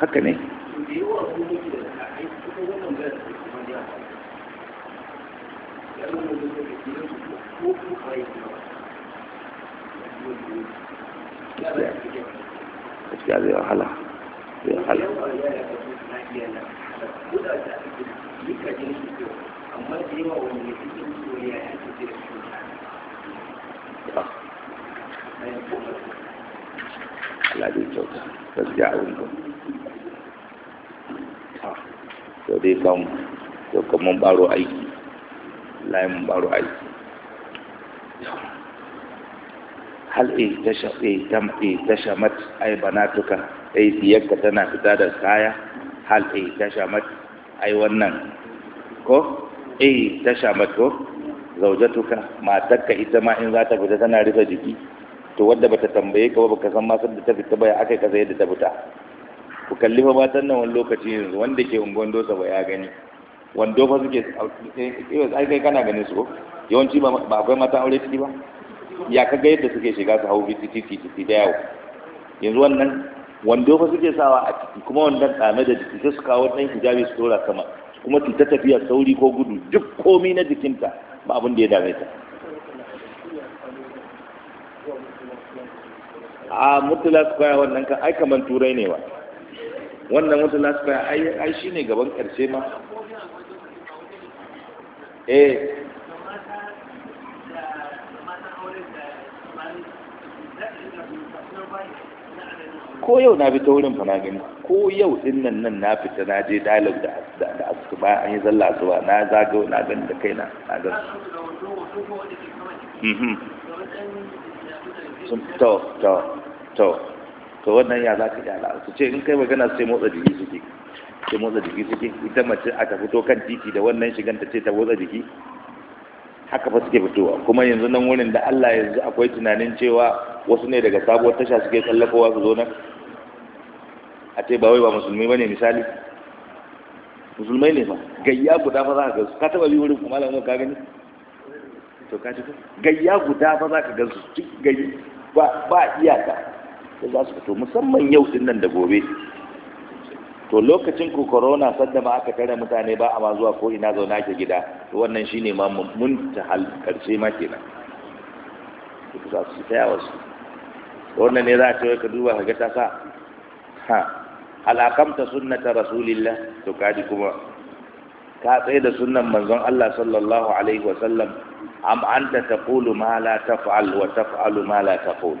haka ne gaskiya zai wahala zai wahala amma da yawa wanda suke soyayya ya ce da su Allah bai kyauta gaskiya abin ba to dai kan to kaman baro aiki layin baro aiki hal ihtashamat ay banatuka ay diyarka tana fita da kaya hal e tasha ihtashamat ay wannan ko eh tasha mato zaujatuka matarka ita ma in za ta fita tana rufe jiki to wadda bata tambaye ka ba baka san ma da ta fita baya aka akai kaza yadda ta fita ku kalli fa matan nan wani lokaci yanzu wanda ke unguwan dosa ba ya gani wando fa suke eh, eh, ai kai kana ganin su yawanci ba akwai mata aure ciki ba ya kaga yadda suke shiga su hau biti titi titi da yawo yanzu wannan wando fa suke sawa a ciki kuma wannan tsame da jiki sai su kawo dan hijabi su tura sama kuma su ta tafiya sauri ko gudu duk komi na jikinta ba abin da ya dame ta a mutula square wannan kan ai kaman turai ne ba wannan mutula square ai ai shine gaban karshe ma eh ko yau na bi ta wurin fa na gani ko yau din nan nan na fita na je dalil da da asu ba an yi zalla zuwa na zaga na gani da kaina na ga mhm to to to to wannan ya zaka Allah su ce in kai magana sai motsa jiki suke sai motsa jiki suke ita mace aka fito kan titi da wannan shigan ta ce ta motsa jiki haka fa suke fitowa kuma yanzu nan wurin da Allah yanzu akwai tunanin cewa wasu ne daga sabuwar tasha suke tsallakowa su zo nan a ce ba wai ba musulmi ba ne misali musulmai ne ba gayya guda fa za ka gansu ka taba bi wurin kuma alamun ka gani to ka ci gayya guda fa za ka gansu cik gayya ba ba iyaka Ko za su fito musamman yau din nan da gobe to lokacin ku corona sadda ma aka tare mutane ba a ma zuwa ko ina zauna ke gida to wannan shine ma mun ta hal karshe ma kenan ku za su taya wasu wannan ne za a ce ka duba ka ga ta sa ha halakamta sunnata rasulillah to kaji kuma ka tsaye da sunnan manzon Allah sallallahu alaihi wa sallam am anta taqulu ma la taf'al wa taf'alu ma la taqul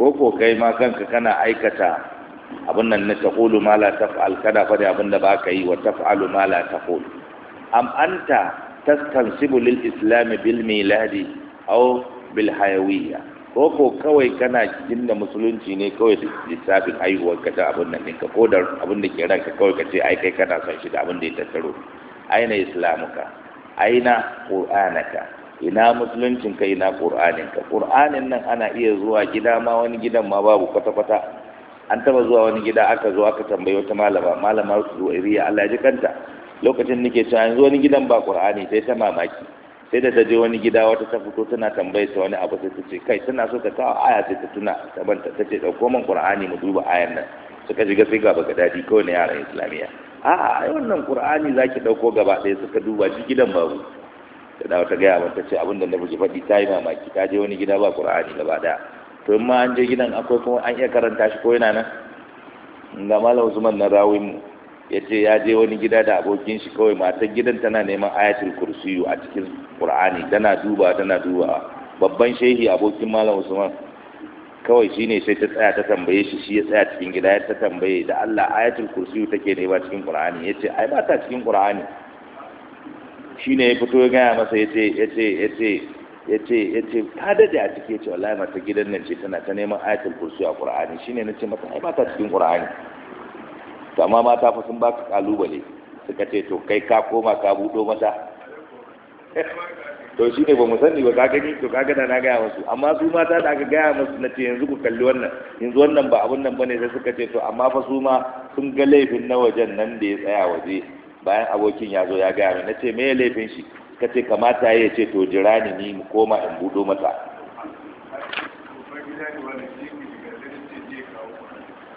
ko ko kai ma kanka kana aikata abin nan na taqulu ma la taf'al kada fa da abin da baka yi wa taf'alu ma la taqul am anta tastansibu lil islam bil miladi aw bil hayawiyya ko ko kawai kana cikin da musulunci ne kawai lissafin haihuwar ka ta abin nan ɗinka ko da abin da ke ranka kawai ka ce ai kai kana son shi da abin da ya tattaro aina islamuka aina qur'anaka ina ka? ina ka qur'anin nan ana iya zuwa gida ma wani gidan ma babu kwata-kwata an taba zuwa wani gida aka zo aka tambayi wata malama malama zuwa iriya Allah ya ji kanta lokacin nake cewa yanzu wani gidan ba qur'ani sai ta mamaki sai da ta je wani gida wata ta fito tana tambaye ta wani abu sai ta ce kai tana so ta kawo aya sai ta tuna ta banta ta ce dauko man qur'ani mu duba ayan nan suka shiga sai ga ga dadi kawai na yaran islamiyya a ai wannan qur'ani zaki dauko gaba ɗaya suka duba shi gidan babu ta dawo ta gaya mata ce abin da na buji faɗi ta yi mamaki ta je wani gida ba qur'ani gaba ɗaya to in ma an je gidan akwai kuma an iya karanta shi ko yana nan ga malam Usman na rawin mu ya ce ya je wani gida da abokin shi kawai matar gidan tana neman ayatul kursiyu a cikin qur'ani tana duba tana duba babban shehi abokin malam usman kawai shine sai ta tsaya ta tambaye shi shi ya tsaya cikin gida ya ta tambaye da Allah ayatul kursiyu take ne ba cikin qur'ani ce ai ba ta cikin qur'ani shine ya fito ya gaya masa yace yace yace yace yace ta dade a ciki yace wallahi mata gidan nan ce tana ta neman ayatul kursiyu a qur'ani shine ce mata ai ba ta cikin qur'ani to amma mata fa sun baka kalubale suka ce to kai ka koma ka budo mata to shi ne ba mu sani ba ka gani to kaga da na gaya musu amma su mata da aka gaya musu na ce yanzu ku kalli wannan yanzu wannan ba abun nan bane sai suka ce to amma fa su ma sun ga laifin na wajen nan da ya tsaya waje bayan abokin ya zo ya gaya min na ce me laifin shi ka ce kamata ya ce to jira ni ni mu koma in budo mata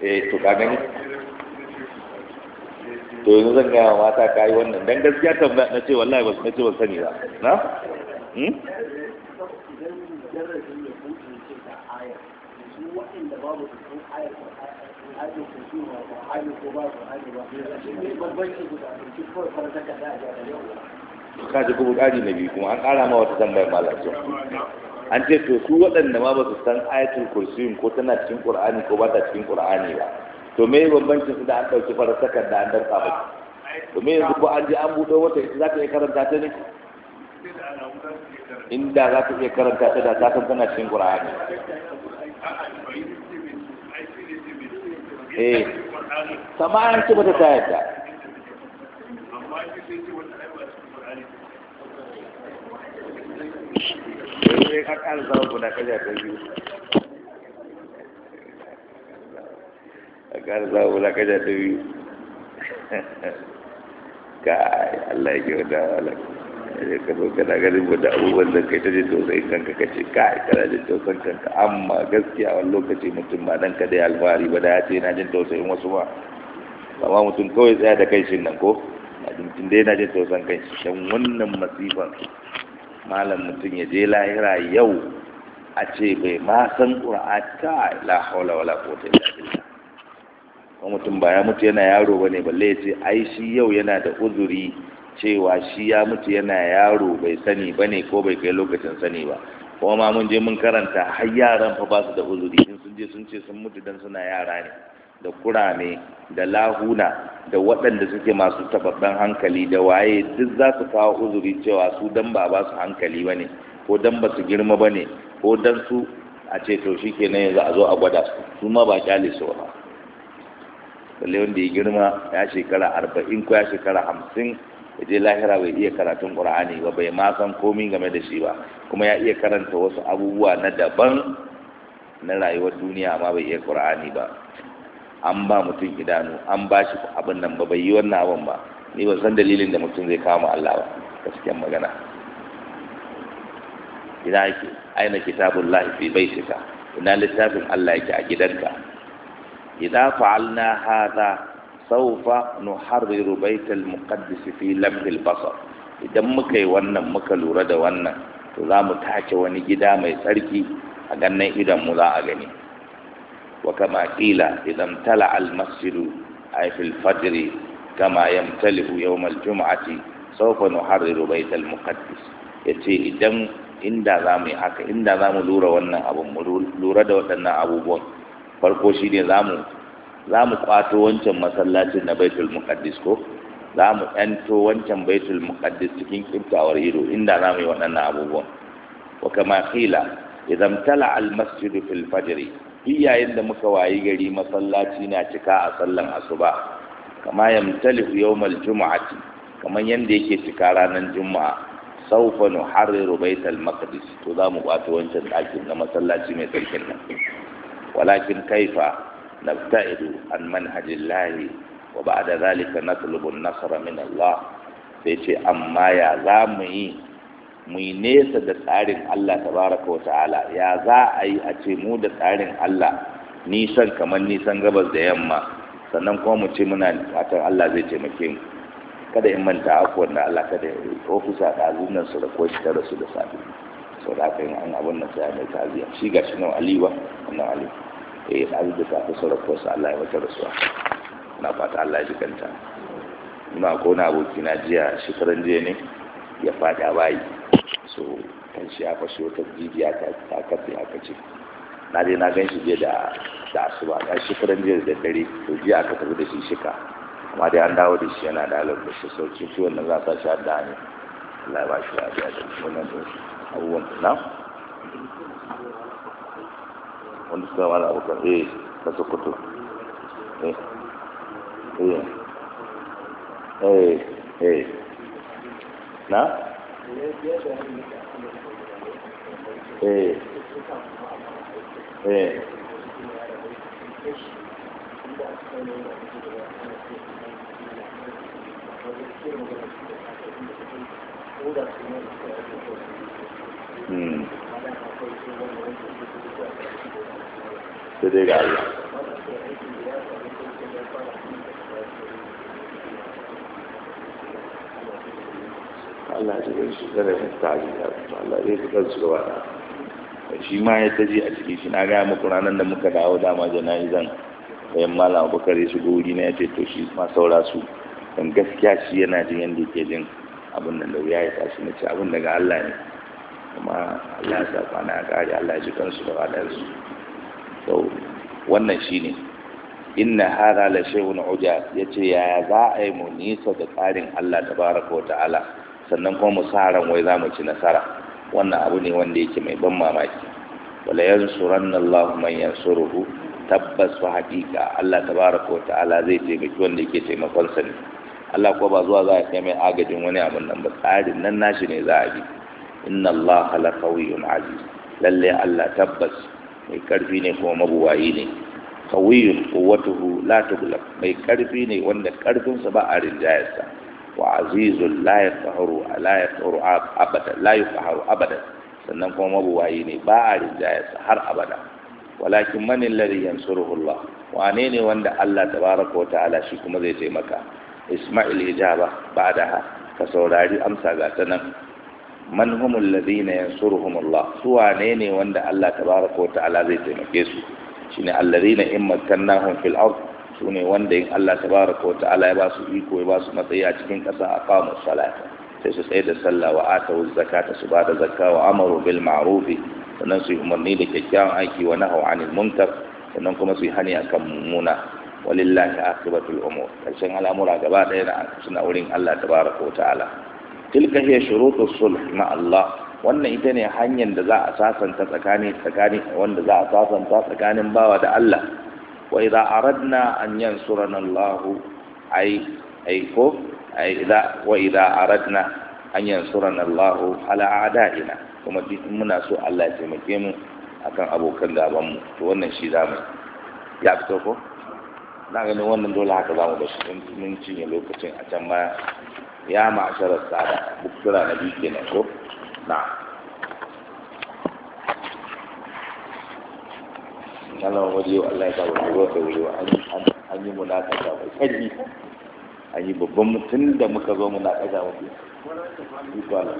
eh to ka gani to yanzu zan gaya mata ka yi wannan dan gaskiya kan na ce wallahi ba na ce ba sani ba na hmm? ka ji kuma ƙari na biyu kuma an ƙara ma wata tambayar malamcin an ce to su waɗanda ma ba su san ayatul kursiyin ko tana cikin ƙur'ani ko ba ta cikin ƙur'ani ba to me bambancin su da an ɗauki farar da an ɗauka ba to me yanzu ko an je an buɗe wata ita za ka iya karanta ta ne inda za ka iya karanta ta da ta san tana cikin ne eh sama an ce bata ta yadda sai eh, ka ta a ƙara za a wulakaja ta biyu Allah ya kyau da halak ya ka kana ganin ba da abubuwan da kai ta ji tausayin kanka ka ce kai kana jin tausayin kanka amma gaskiya wani lokaci mutum ba dan ka da alfahari ba da ya ce yana jin tausayin wasu ba amma mutum kawai tsaya da kai shin nan ko mutum dai yana jin tausayin kai dan wannan masifan malam mutum ya je lahira yau a ce bai ma san ta la hawla wala quwwata illa billah kuma mutum ba ya mutu yana yaro ba ne balle ce ai shi yau yana da uzuri cewa shi ya mutu yana yaro bai sani ba ne ko bai kai lokacin sani ba kuma ma mun je mun karanta har yaran fa ba su da uzuri in sun je sun ce sun mutu dan suna yara ne da kurame da lahuna da waɗanda suke masu tababban hankali da waye duk za su kawo uzuri cewa su dan ba ba su hankali ba ne ko dan ba su girma ba ne ko dan su a ce to shi kenan yanzu a zo a gwada su su ma ba kyale su ba balle wanda ya girma ya shekara arba'in ko ya shekara hamsin ya je lahira bai iya karatun qur'ani ba bai ma san komi game da shi ba kuma ya iya karanta wasu abubuwa na daban na rayuwar duniya amma bai iya qur'ani ba an ba mutum idanu an ba shi abin nan ba bai yi wannan abin ba ni ban san dalilin da mutum zai kama Allah ba gaskiyar magana ina yake aina kitabullahi fi baitika ina littafin Allah yake a gidanka idza fa'alna hadha sawfa nuharriru baital muqaddas fi lamhil basar idan muka yi wannan muka lura da wannan to za mu tace wani gida mai tsarki a gannan idan mu za a gani wa kama qila idan tala al masjidu ay kama fajr kama yamtalihu yawm al jum'ati sawfa nuharriru baital Ya ce idan inda za mu yi haka inda za mu lura wannan abun mu lura da waɗannan abubuwan farko shine za zamu kwato wancan masallacin na baitul muqaddis ko mu yanto wancan baitul muqaddis cikin kiftawar ido inda mu yi waɗannan abubuwan wa kama Khila, idan tala al masjid fil fajr iyayen da muka wayi gari masallaci na cika a sallan asuba kama yamtalihu yawmal jumu'ati kamar yanda yake cika ranar juma'a saufa nuharriru baitul maqdis to mu kwato wancan ɗakin na masallaci mai tsarkin nan walakin kaifa nabta'idu an manhajillahi wa ba'da zalika na an nasara, min Allah sai ce amma ya za mu yi mu yi nesa da tsarin Allah baraka wa ta'ala ya za a yi a ce mu da tsarin Allah nisan kamar nisan gabas da yamma sannan kuma mu ce muna fatan Allah zai taimake mu kada in manta afuwar da Allah kada ofisa da azunan su da kwashi da su da safe sau da aka yi an abin nan sai mai taziya shi ga shi nan aliwa wannan aliwa eh ɗazu da kafin sarrafa Allah ya wata rasuwa na fata Allah ya jikanta Ina ko na aboki na jiya shekaran jiya ne ya faɗi a bayi so kan shi ya fashe wata jijiya ta kafe aka ce na dai na ganshi jiya da da asuba na shekaran jiya da dare to jiya aka tafi da shi shika amma dai an dawo da shi yana da alar da shi sauki shi wannan za ta shi da ne Allah ya ba shi lafiya da wannan abubuwan na wanda suka mala abokan eh na sokoto eh eh eh eh na eh eh sai dai ga Allah Allah ya zai zai ya Allah zai ji kansu gaba da shi ma ya a ciki shi na gaya muku ranar da muka dawo dama jana'izan bayan malam abubakar ya shigo na ya ce to shi ma saura su don gaskiya shi yana jin yadda yake jin abin nan da wuya ya tashi na ce abin daga Allah ne kuma Allah ya sa kwana ya kare Allah ya ji kansu da su to wannan shine inna hada la shay'un uja yace ya za a yi mu nisa da tsarin Allah tabaraka wa ta'ala sannan kuma mu sa ran wai zamu ci nasara wannan abu ne wanda yake mai ban mamaki wala yansuranna Allahu man yansuruhu tabbas wa haqiqa Allah tabaraka wa ta'ala zai taimaki wanda yake taimakon sa ne Allah ko ba zuwa za a kai mai agajin wani abin nan ba tsarin nan nashi ne za a bi inna Allah la qawiyyun aziz lalle Allah tabbas mai karfi ne kuma mabuwayi ne qawiyyun quwwatuhu la tughlab mai karfi ne wanda karfinsa ba a rinjayarsa wa azizul la yaqharu la yaqharu abada la yaqharu abada sannan kuma mabuwayi ne ba a rinjayarsa har abada walakin man alladhi yansuruhu Allah wane ne wanda Allah tabaraka wa ta'ala shi kuma zai taimaka isma'il ijaba ba'daha ka saurari amsa ga ta nan man humul ladina yansuruhumullah su wane ne wanda Allah tabaraka wa ta'ala zai taimake su shine alladina in makkannahum fil ard sune wanda in Allah tabaraka wa ta'ala ya ba su iko ya ba su matsayi a cikin ƙasa aqamu salata sai su tsaye da sallah wa atawu zakata su ba da zakka wa amaru bil ma'ruf sannan su yi umarni da kyakkyawan aiki wa nahaw anil munkar sannan kuma su yi hani akan mummuna walillahi akhiratul umur karshen al'amura gaba ɗaya na suna wurin Allah tabaraka wa ta'ala tilka hiya shurutus sulh ma Allah wannan ita ne hanyar da za a sasanta tsakani tsakani wanda za a sasanta tsakanin bawa da Allah wa idza aradna an yansurana Allah ai ai ko ai idza wa idza aradna an yansurana Allah ala a'da'ina kuma muna so Allah ya taimake mu akan abokan gaban mu to wannan shi zamu ya fito ko na ganin wannan dole haka za mu da shi ya mun cinye lokacin a can baya ya ma'asharar tsada bukura na biyu na. so na Allah waje yau Allah ya sa wani ruwa da wuri an yi ta wai tsanni an yi babban mutum da muka zo munakasa mutu ikwala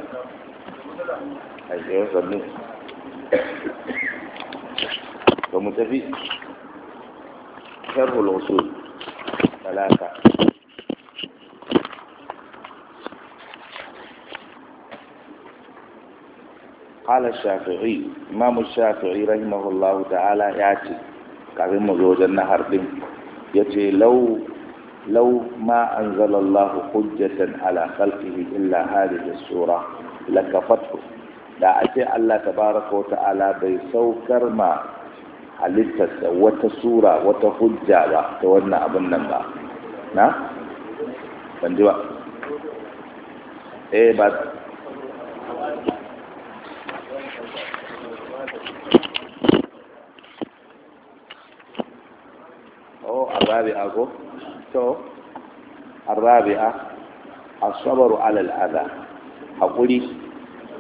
a yi sannu ba mu tafi شرح الوصول ثلاثة قال الشافعي إمام الشافعي رحمه الله تعالى يأتي كريم مزوج النهر دين يأتي لو لو ما أنزل الله حجة على خلقه إلا هذه السورة لكفته لا اتي الله تبارك وتعالى بيسوكر ما halittarsa wata sura wata hujja ba ta wannan abin nan ba na? ban ji ba eh ba oh arrabi'a ko to arrabi'a asabaru alalada, adha haƙuri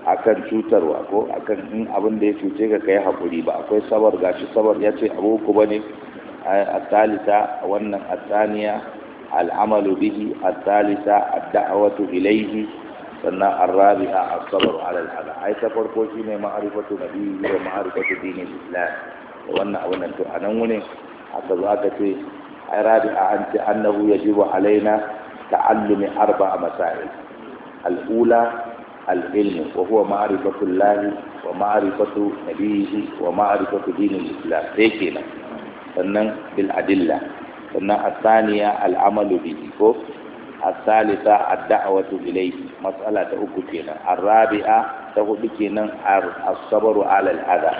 akan cutarwa ko akan in abin da ya cuce ga kai hakuri ba akwai sabar gashi sabar ya ce aboku ba ne a talita wannan a al'amalu bihi a talita a da'awatu ilaihi sannan an rabi a sabar alal hada ai ta farko shi ne ma'arifatu na biyu da ma'arifatu dini islam wannan abu nan to a nan wuni aka aka ce ai rabi an ce annahu yajibu alaina ta'allumi arba a masa'il al'ula al-ilmu wa huwa ma'rifatu wa ma'rifatu nabiyhi wa ma'rifatu dinil islam sai kenan sannan bil adilla sannan asaniya al-amalu bihi ko asalisa ad-da'watu ilayhi mas'ala ta uku kenan ar-rabi'a ta hudu kenan as-sabru 'ala al-adha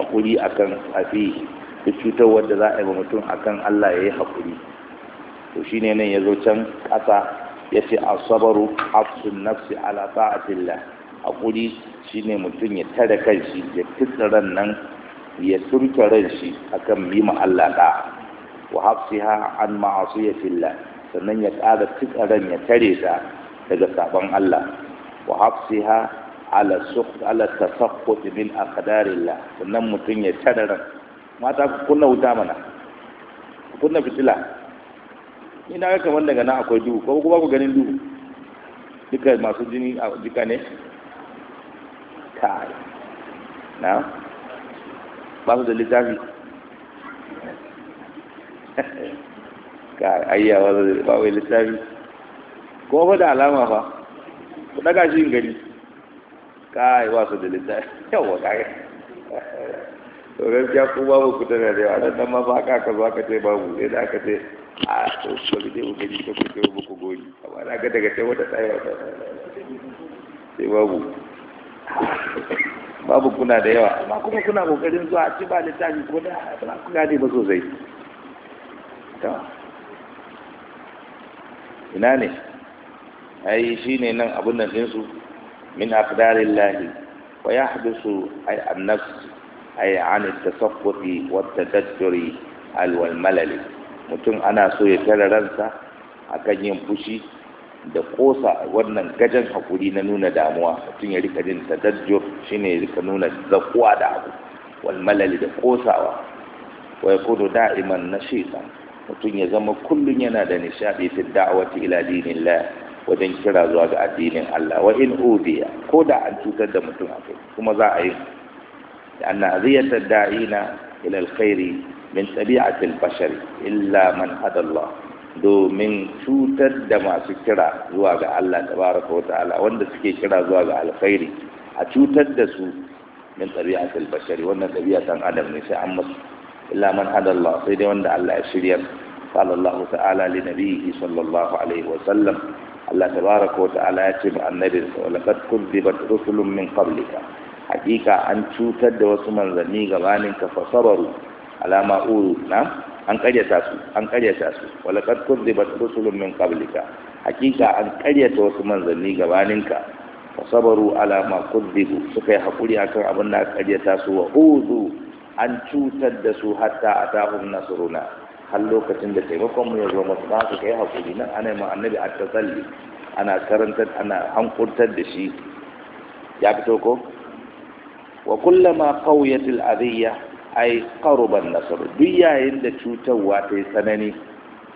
hakuri akan afi ta cutarwar da za a yi mutum akan Allah ya yi hakuri to shine nan zo can ƙasa. yace as-sabru hafsun nafsi ala a ta'atillah shi ne mutum ya tare kanshi ya ran nan ya turke ran shi a kan bi ma Allah da wa ha an ya ma'asiyatillah sannan ya ƙara ran ya tare ta daga sabon Allah wa hafsiha ala sukh ala tasaqqut min aqdarillah sannan mutum ya tare ran mata kunna wuta mana kunna fitila ina ga kamar daga na akwai duhu ko kuma ku ganin duhu duka masu jini a jika ne kai na ba su da littafi [LAUGHS] kai ayyawa da ba wai littafi ko ba da alama fa ku daga shi gani kai ba su da littafi [LAUGHS] yawa kai to gaskiya ku babu ku tana da yawa dan ma ba ka ka zo aka ce babu sai da aka ce a to bari dai ubangiji ka kuke ba ku gori amma na ga daga can wata tsaya wata sai babu babu kuna da yawa amma kuma kuna kokarin zuwa a ci ba littafi ko da ba ku gane ba sosai ina ne ai shi ne nan abin nan ɗinsu min aqdarin lahi wa ya haɗu ai annafs ai an tasaffuri wa tadadduri alwal malali mutum ana so ya tara ransa a kan yin fushi da kosa wannan gajen hakuri na nuna damuwa mutum ya rika jin tadajjur shine ya rika nuna zakuwa da abu wal malali da kosawa wa yakunu da'iman nashitan mutum ya zama kullum yana da nishadi fi da'wati ila dinillah wajen kira zuwa ga addinin Allah wa in udiya ko da an cutar da mutum akai kuma za a yi anna aziyata da'ina ila alkhairi min tabi'atil bashari illa man hadallah domin cutar da masu kira zuwa ga Allah tabaraka wa ta'ala wanda suke kira zuwa ga alkhairi a cutar da su min tabi'atil bashari wannan tabi'a san adam ne sai an musu illa man hadallah sai dai wanda Allah ya shirya qala Allah ta'ala li nabiyhi sallallahu alaihi wa sallam Allah tabaraka wa ta'ala ya ce ba annabi laqad kudzibat rusulun min qablika hakika an cutar da wasu manzanni gabanin ka fasabaru alama uru na an karyata su an karyata su wala kad kuzibat rusulun min qablika hakika an karyata wasu manzanni gabaninka fa sabaru ala ma kuzibu suka yi hakuri akan abin da karyata su wa uzu an cutar da su hatta atahum nasruna har lokacin da taimakon mu ya zo masu ba su kai hakuri nan ana ma annabi at-tasalli ana karanta ana hankurtar da shi ya fito ko wa kullama qawiyatil adiyya ai karuban nasaru duk yayin da cutarwa ta yi tsanani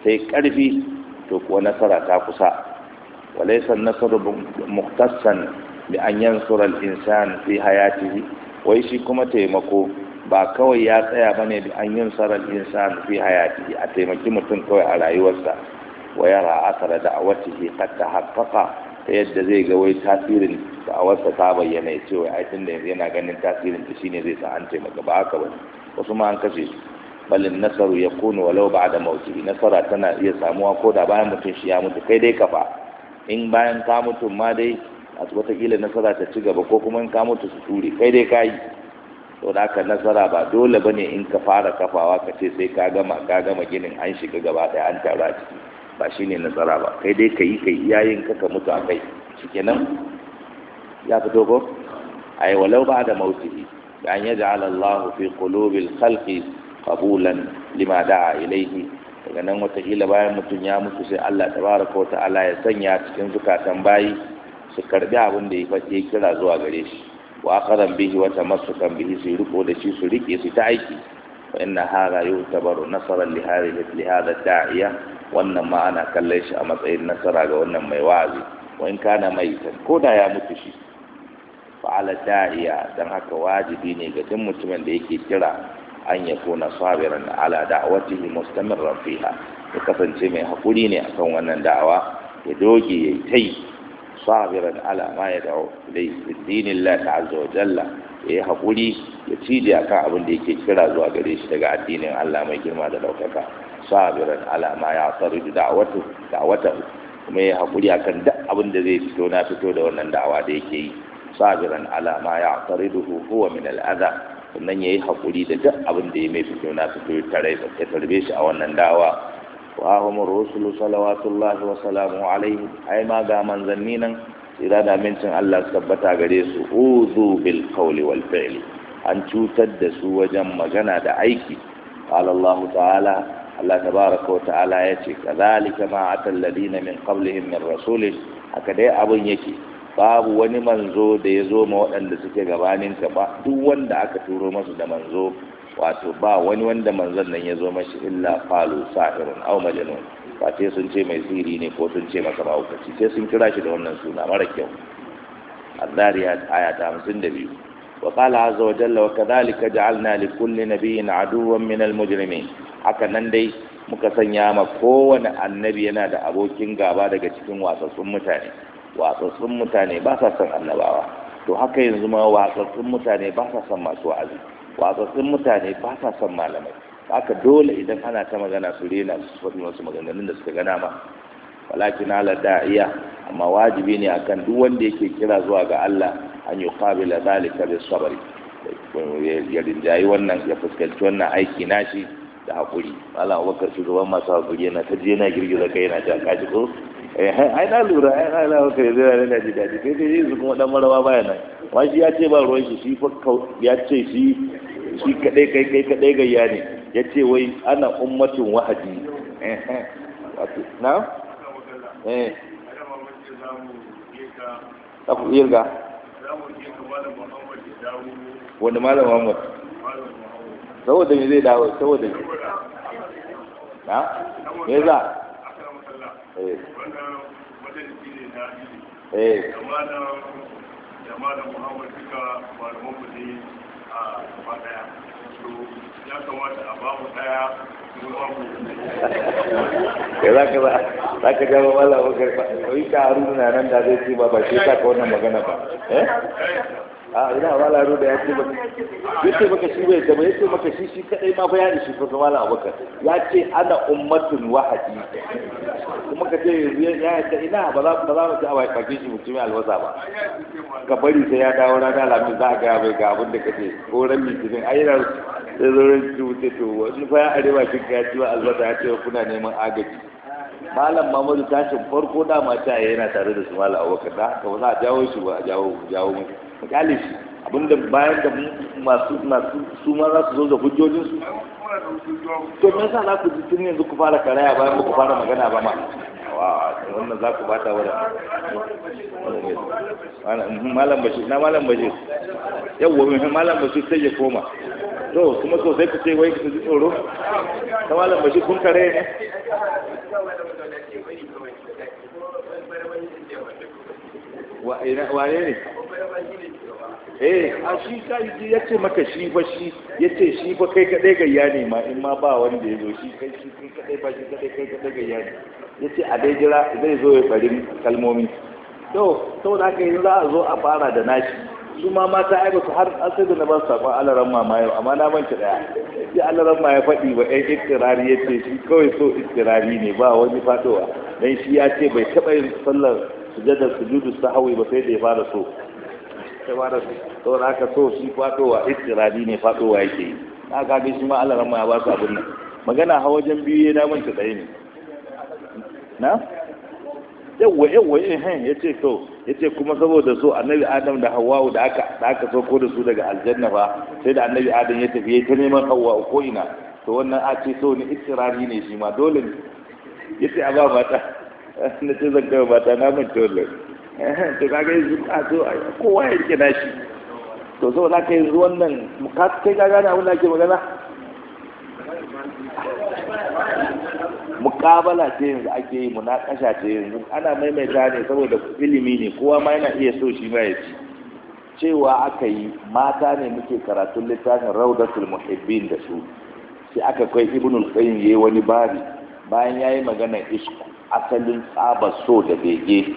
ta yi ƙarfi to kuwa nasara ta kusa Wale-san nasaru muktasan bi an yansura al-insan fi hayatihi wai shi kuma taimako ba kawai ya tsaya bane bi an yansura al-insan fi hayatihi a taimaki mutum kawai a rayuwarsa wa yara asara ke qad tahaqqaqa ta yadda zai ga wai tasirin wasa ta bayyana ya ce wai aikin da yanzu yana ganin tasirin ta shine zai sa an taimaka ba haka ba wasu ma an kashe su balin nasaru ya kunu walau ba da mauti nasara tana iya samuwa ko da bayan mutum shi ya mutu kai dai ka fa in bayan ka mutu ma dai a watakila nasara ta ci gaba ko kuma in ka mutu su ture kai dai ka yi to da haka nasara ba dole ba ne in ka fara kafawa ka ce sai ka gama ka gama ginin an shiga gaba ɗaya an tara ciki ba shi ne nasara ba kai dai ka yi ka yayin kaka mutu a kai shikenan ya fito ko ai walau ba da mautihi da an yaj'al Allah fi qulubil khalqi qabulan lima da'a ilayhi daga nan wataƙila bayan mutum ya mutu sai Allah tabaraka wa ta'ala ya sanya cikin zukatan bayi su karbi abin da ya faɗi kira zuwa gare shi wa akharan bihi wa tamassukan bihi su riko da shi su rike su ta aiki wa inna hadha yu'tabaru nasaran li hadhihi li hadha wannan ma ana kallon shi a matsayin nasara ga wannan mai wa'azi wa in kana mai ko da ya mutu shi fa'ala da'iya dan haka wajibi ne ga duk mutumin da yake kira an ya kona sabiran ala da'awatihi mustamirran fiha ya kasance mai hakuri ne akan wannan da'awa ya doge yayi tai sabiran ala ma ya da'u ilai bidinillah ta'azza wa jalla yayi hakuri ya cije akan abin da yake kira zuwa gare shi daga addinin Allah mai girma da daukaka sabiran ala ma ya tsari da da'awatu da'awatu kuma ya hakuri akan duk abin da zai fito na fito da wannan da'awa da yake yi sabiran ala ma ya da huwa min al'adha sannan yayi hakuri da duk abin da ya mai fito na fito tare da ya tarbe shi a wannan da'awa wa hum rusulu salawatullahi wa salamu alaihi ai ma ga manzanni nan Ira da amincin Allah tabbata gare su uzu bil qawli wal fi'li an cutar da su wajen magana da aiki qala Allah ta'ala Allah tabaraka wa ta'ala ya ce kadhalika ma atal ladina min qablihim min rasulin haka dai abun yake babu wani manzo da ya zo ma waɗanda suke gabanin ka ba duk wanda aka turo masu da manzo wato ba wani wanda manzon nan ya zo mashi illa falu sahirun aw majnun ba sai sun ce mai sihiri ne ko sun ce masa mahaukaci sai sun kira shi da wannan suna mara kyau azariyat aya ta 52 وقال عز وجل وكذلك جعلنا لكل نبي عدوا من المجرمين haka nan dai muka sanya ma kowane annabi yana da abokin gaba daga cikin wasassun mutane wasassun mutane ba sa son annabawa to haka yanzu ma wasassun mutane ba sa son masu wa'azi wasassun mutane ba sa son malamai haka dole idan ana ta magana su rena su faɗi wasu maganganun da suka gana ma walakin ala da'iya amma wajibi ne akan duk wanda yake kira zuwa ga Allah an yi qabila zalika bi sabri ya rinjayi wannan ya fuskanci wannan aiki nashi da hakuri Allah Abubakar shugaban masu hakuri yana ta je na girgiza kai yana ta kaji ko eh, ai na lura ai na lura kai zai na da daji kai kai su kuma dan marawa baya nan Washi ya ce ba ruwan shi shi fa ya ce shi shi kadai kai kai kadai gayya ne ya ce wai ana ummatin wahadi eh, eh, na Eh. za ku irga malam muhammad saboda me zai dawo saboda me na me za eh, eh. a ya kamata a ba mu daya ya za ka za ka jawo wala wakar ba yi ka haruna na nan da zai ci ba ba shi ka wannan magana ba eh a ina wala haruna ya ce ba yace baka shi bai ta ba yace baka shi shi kadai ma fa ya ko fa wala abakar ya ce ana ummatun wahadi kuma ka ce yanzu ya yadda ina ba za ba za mu ci a bakin shi mutumin albasa ba ka bari sai ya dawo rana lamin za a gaya bai ga abin da ka ce ko ran litinin ai yana sai zauren rubuce to wani fa ya arewa shi ka ci wa albasa ya ce kuna neman agaji malam mamadu tashin farko mace a yana tare da su malam abubakar da haka wani a jawo shi ba a jawo jawo mu misali shi abinda bayan da masu masu su ma za su zo da hujjojinsu to me yasa za ku ji tun yanzu ku fara karaya bayan ku fara magana ba ma a wannan za ku bata wadda malam bashir na malam bashir yawwa mai malam bashir sai ya koma to kuma so sai ku ce wai ku ji tsoro ta malam bashir kun kare ne wane ne eh a shi yi ya ce maka shi fa shi ya ce shi fa kai kadai gayya ne ma in ma ba wanda ya zo shi kai shi kai kadai ba shi kadai kai kadai gayya ne ya ce a dai jira zai zo ya farin kalmomi to saboda haka yanzu za a zo a fara da nashi su ma mata aiki su har an sai da na ba su sakon alaran mama yau amma na manta daya ya alaran ma ya faɗi ba ɗan istirari ya ce shi kawai so istirari ne ba wani fatowa dan shi ya ce bai taɓa yin sallar sujadar sujudu sahawi ba sai da ya fara so ya fara aka so shi faɗowa istirari ne faɗowa yake yi na ga shi ma alaran ma ya ba su abin nan magana hawajen biyu ya damanta ɗaya ne na yawwa yawwa ehen eh, ya ce so. ya ce kuma saboda so annabi adam da hawa'u da aka da aka sauko da su daga aljanna ba sai da annabi adam ya tafi ya ta neman hawa'u ko ina to wannan a ce so ne istirari ne shi ma dole ne ya ce a ba mata [LAUGHS] na ce zan gaba mata na manta wannan [LAUGHS] to kaga yanzu a so kowa ya rike nashi to so za ka yanzu wannan ka kai ka gane abin da ake magana muƙabala ce yanzu ake yi munakasha ce yanzu ana maimaita ne saboda ilimi ne kowa ma yana iya so shi ma ya ci cewa aka yi mata ne muke karatun littafin raudatul muhibbin da su sai aka kai ibnul qayyim yayi wani babi bayan yayi magana isku asalin tsaba so da bege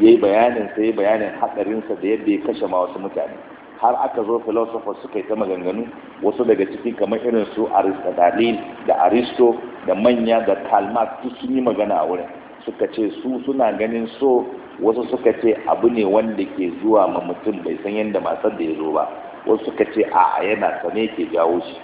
yayi bayanin sai bayanin hadarin sa da yadda ya kashe ma wasu mutane har aka zo philosophers suka yi ta maganganu wasu daga ciki kamar irin su Aristotle da Aristo da manya da kalmat duk sun yi magana a wurin suka ce su suna ganin so wasu suka ce abu ne wanda ke zuwa ma mutum bai san yadda masu da ya zo ba wasu suka ce a yana sane ke jawo shi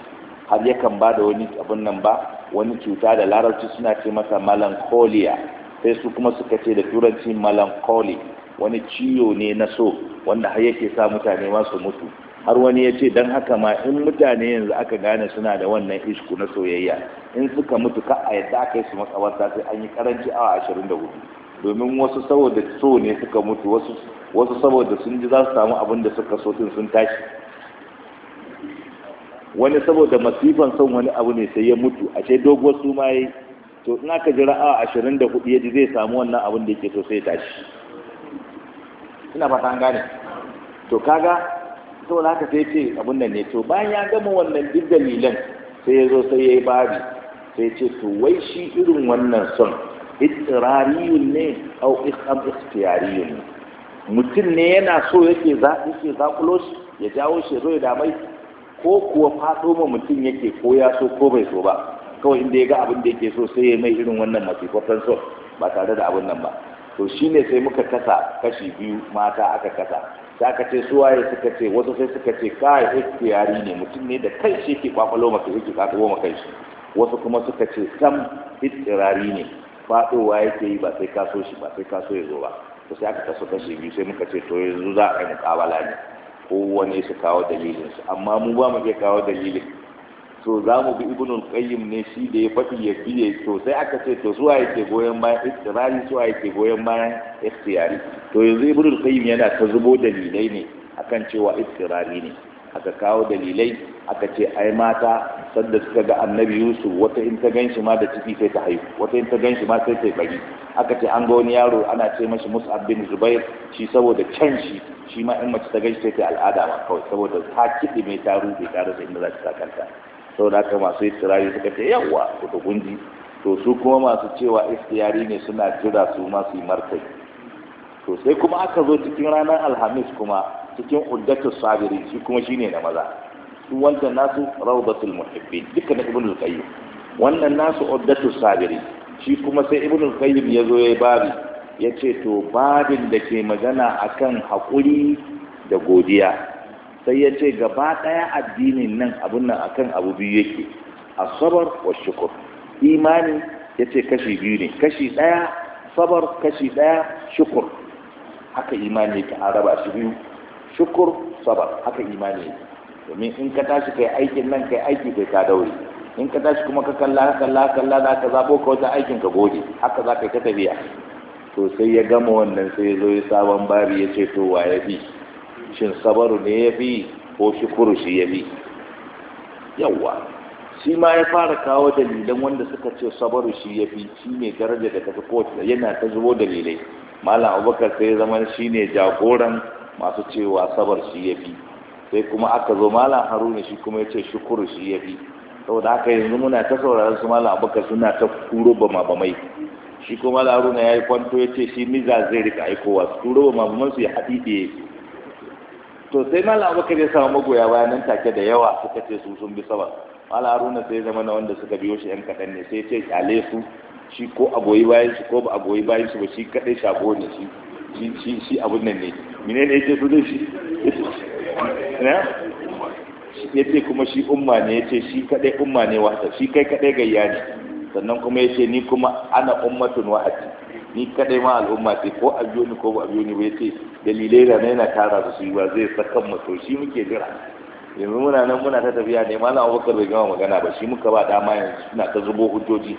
har yakan ba da wani abin nan ba wani cuta da larabci suna ce masa melancholia sai su kuma suka ce da turanci melancholy wani ciwo ne na so wanda har yake sa mutane ma su mutu har wani ya ce don haka ma in mutane yanzu aka gane suna da wannan ishku na soyayya in suka mutu ka a yadda aka yi su matsawarta sai an yi karanci awa ashirin da hudu domin wasu saboda so ne suka mutu wasu saboda sun ji za su samu abin da suka so sun tashi wani saboda masifan son wani abu ne sai ya mutu a ce doguwar su ma yi to in aka jira awa ashirin da hudu ya ji zai samu wannan abin da yake so sai tashi ina fata an gane to kaga saboda ka sai ce abun nan ne to bayan ya gama wannan duk dalilan sai ya zo sai ya yi babi sai ce to wai shi irin wannan son itirariyun ne au isam istiyariyun ne mutum ne yana so yake za yake shi ya jawo shi zo ya damai ko kuwa fado ma mutum yake ko ya so ko bai so ba kawai inda ya ga abin da yake so sai ya mai irin wannan masifafan son ba tare da abin nan ba to shi ne sai muka kasa kashi biyu mata aka kasa sakace aka ce suwaye suka ce wasu sai suka ce kai ikhtiyari ne mutum ne da kai shi ke kwakwalo maka yake kwakwalo maka shi wasu kuma suka ce sam ittirari ne faɗowa yake yi ba sai ka so shi ba sai ka so ya zo ba to sai aka kaso kashi biyu sai muka ce to yanzu za a yi mukabala ne kowane su kawo dalilin su amma mu ba mu iya kawo dalilin to za mu bi ibnul qayyim ne shi da ya faɗi ya biye to sai aka ce to suwa yake goyon bayan istirari suwa yake goyon bayan ikhtiyari to yanzu ibnul qayyim yana ta zubo dalilai ne akan cewa istirari ne aka kawo dalilai aka ce ai mata sanda suka ga annabi yusuf wata in ta ganshi ma da ciki sai ta haihu wata in ta ganshi ma sai ta bari aka ce an ga wani yaro ana ce mashi mus'ab bin zubair shi saboda can shi shi ma in mace ta ganshi sai ta al'ada ma kawai saboda ta kiɗi mai ta rube ta rasa inda za ta kanta sau da aka masu tirari suka ce yawa kuta gunji to su kuma masu cewa istiyari ne suna jira su masu yi martai to sai kuma aka zo cikin ranar alhamis kuma cikin uddatus sabiri shi kuma shi ne na maza su wancan nasu rawdatul muhibbi duka na ibnul qayyim wannan nasu uddatus sabiri shi kuma sai ibnul qayyim ya zo ya babi ya ce to babin da ke magana akan haƙuri da godiya sai ya ce gaba ɗaya addinin nan abun nan a kan abu biyu yake asabar wa shukur imani ya ce kashi biyu ne kashi ɗaya sabar kashi ɗaya shukur haka imani ta an raba shi biyu shukur sabar haka imani ne. domin in ka tashi kai aikin nan kai aiki kai ka daure in ka tashi kuma ka kalla ka kalla kalla za ka zabo ka wata aikin ka gode haka za ka yi ta tafiya to sai ya gama wannan sai ya zo ya sabon babi ya ce to waye bi shin sabaru ne ya fi ko shukuru shi ya fi yawwa shi ma ya fara kawo dalilan wanda suka ce sabaru shi ya fi shi ne daraja da tafi kowace yana ta zubo dalilai malam abubakar sai zama shi ne jagoran masu cewa sabar shi ya fi sai kuma aka zo malam haruna shi kuma ya ce shukuru shi ya fi saboda haka yanzu muna ta sauraron su malam abubakar suna ta ma bama bamai shi kuma malam haruna ya yi kwanto ya ce shi miza zai rika aikowa su ma ba mai su ya haɗi ɗaya. to sai malam abubakar ya samu magoya bayan nan take da yawa suka ce su sun bi sama malam haruna sai zama na wanda suka biyo shi yan kaɗan ne sai ce kyale su shi ko a goyi bayan shi ko ba a goyi bayan shi ba shi kaɗai shago ne shi shi shi abun nan ne mine ne yake su da shi eh? ya ce kuma shi umma ne ya ce shi kaɗai umma ne wata shi kai kaɗai gayya ne sannan kuma ya ce ni kuma ana ummatun wa'adi ni kadai ma al'umma ce ko a biyo ko ba a biyo ni ba yace dalilai da na yana tara su yi ba zai sakan mu to shi muke jira yanzu muna nan muna ta tafiya ne malam Abubakar bai gama magana ba shi muka ba dama yanzu suna ta zubo hujjoji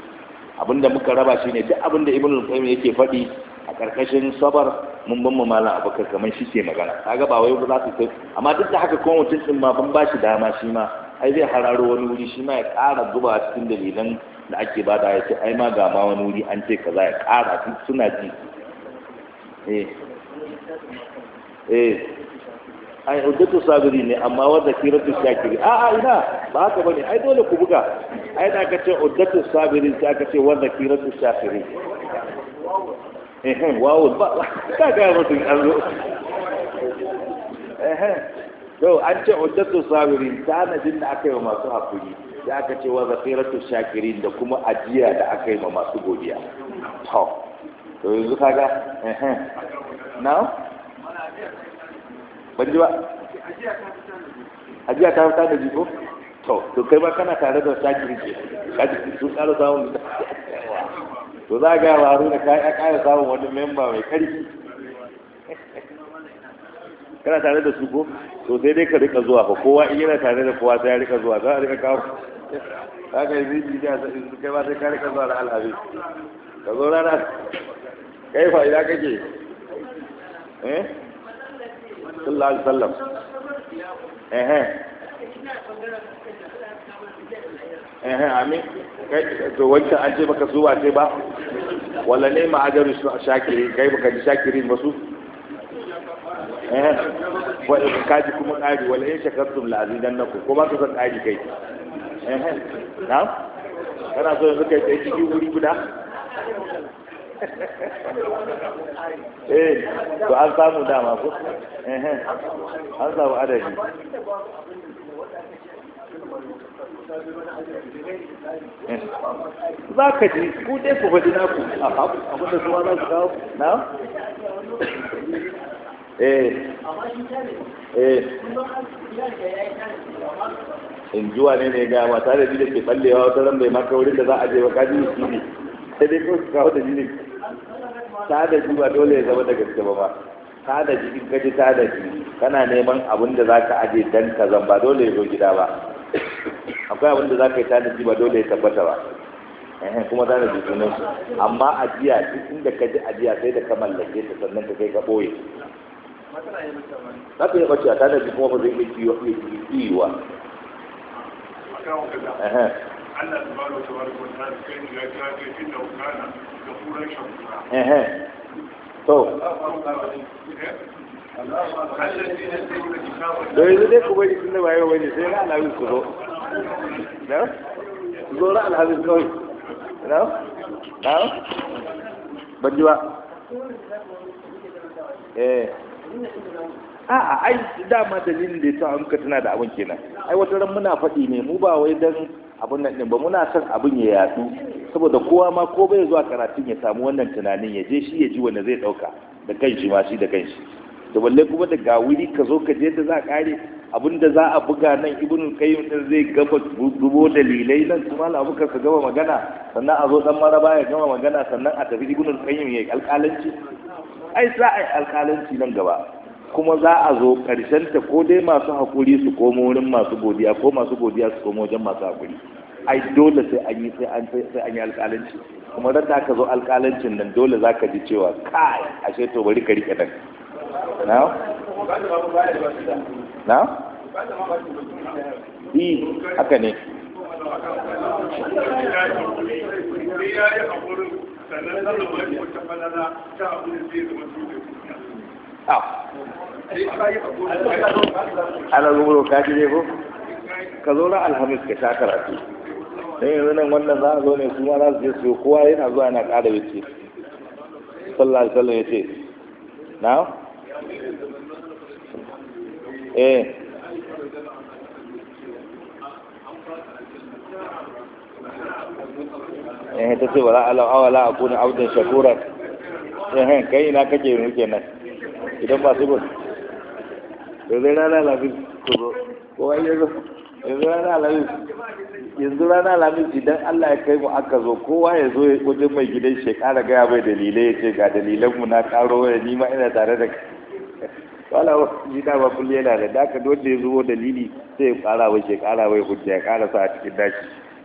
abinda muka raba shi ne duk abinda ibnu al-Qayyim yake faɗi a karkashin sabar mun ban mu malam Abubakar kamar shi ke magana kaga ba wai za su kai amma duk da haka kuma mutum din ma ban ba shi dama shi ma ai zai hararo wani wuri shi ma ya ƙara zuba cikin dalilan da ake bada da ce ai ma ga ma wani wuri an ce kaza ya ƙara su suna ji eh eh ai hujjatu sabiri ne amma wanda kiratu shakiri a a ina ba haka bane ai dole ku buga ai da aka ce hujjatu sabiri sai aka ce wanda kiratu shakiri eh wawo ba ka ga mutum an zo eh to an ce hujjatu sabiri tanadin da aka yi wa masu hakuri da aka ce wa zakiratu shakirin da kuma ajiya da aka yi ma masu godiya to to yanzu kaga eh eh na ban ji ba ajiya ta fita da ji ko to to kai ba kana tare da shakiri ke kaji sun ƙara samun to za ga waru da kai ya kai samun wani memba mai karfi kana tare da su ko to sai dai ka rika zuwa ko kowa in yana tare da kowa sai ya rika zuwa za a rika kawo ka yi miji da sai su kai ba sai ka kan zuwa da ka zo rana kai fa ina kake eh sallallahu alaihi wasallam eh eh amin kai to wancan an ce baka zuwa sai ba wala ne ma ajaru shakiri kai baka ji shakirin ba su eh wa kaji kuma kari wala in shakartum la azidannakum ko ba ka san kari kai na'am kana so yanzu kai tsaye ciki wuri guda eh to an samu dama ko an samu adadi eh. za ka ji ku dai ku faɗi na ku abin da suwa za su kawo na eh eh in zuwa ne ne ga wata da da ke ballewa wata ran bai maka wurin da za a je wa kaji su ne sai dai kawai kawo da jirgin ta da ji ba dole ya zama da gaske ba ba ta da jirgin in ta da jirgin kana neman abin da za ka aje dan ka zan ba dole ya zo gida ba akwai abin da za ka yi ta da ji ba dole ya tabbata ba kuma ta da sunan su amma ajiya duk inda ka ji ajiya sai da ka mallake ta sannan ka kai ka ɓoye za ka yi bacci a ta da ji kuma ba zai iya kiwa Allah subhanahu wa ya ta ce da kana da kuran shakura to da yanzu dai tun da bayan wani sai ku zo na zo kawai na na ban ji ba eh a'a ai dama dalilin da ya sa muka tana da abin kenan ai wata ran muna faɗi ne mu ba wai dan abin nan din ba muna son abin ya yadu saboda kowa ma ko bai zuwa karatun ya samu wannan tunanin ya je shi ya ji wanda zai dauka da kanshi ma shi da kanshi to balle kuma da ga wuri ka zo ka je da za kare abin da za a buga nan ibnu kayyim din zai gaba dubo dalilai nan kuma la abuka ka gaba magana sannan a zo dan maraba ya gama magana sannan a tafi ibnu kayyim ya alƙalanci ai za a yi alƙalanci nan gaba kuma za a zo ta ko dai masu haƙuri su komo wurin masu godiya ko masu godiya su komo wajen masu haƙuri ai dole sai an yi sai an yi alƙalanci kuma da ka zo alƙalancin nan dole za ka ji cewa kai ashe to bari ka rike nan na na yi e, haka ne sannan wani ta abu da zama su ana zuwa ka ji ne ko ka zo na alhamis ka sha karatu don yanzu nan wannan za a zo ne su ma za su je su kowa yana zuwa yana ƙara wuce sallallahu alaihi wasallam ya ce na eh eh ta ce wala ala awala akuna abdan shakura eh kai ina kake yanzu nan. idan ba su ba yanzu rana lamis kowa ya zo yanzu rana lamis yanzu rana lamis idan Allah ya kai mu aka zo kowa ya zo wajen mai gidan shi kara gaya mai dalilai ya ce ga dalilan mu na karo waya ni ma ina tare da ka wala ji da ba kulle yana da daka dole ya zo dalili sai ya kara wai shi kara wai hujja ya kara sa a cikin dashi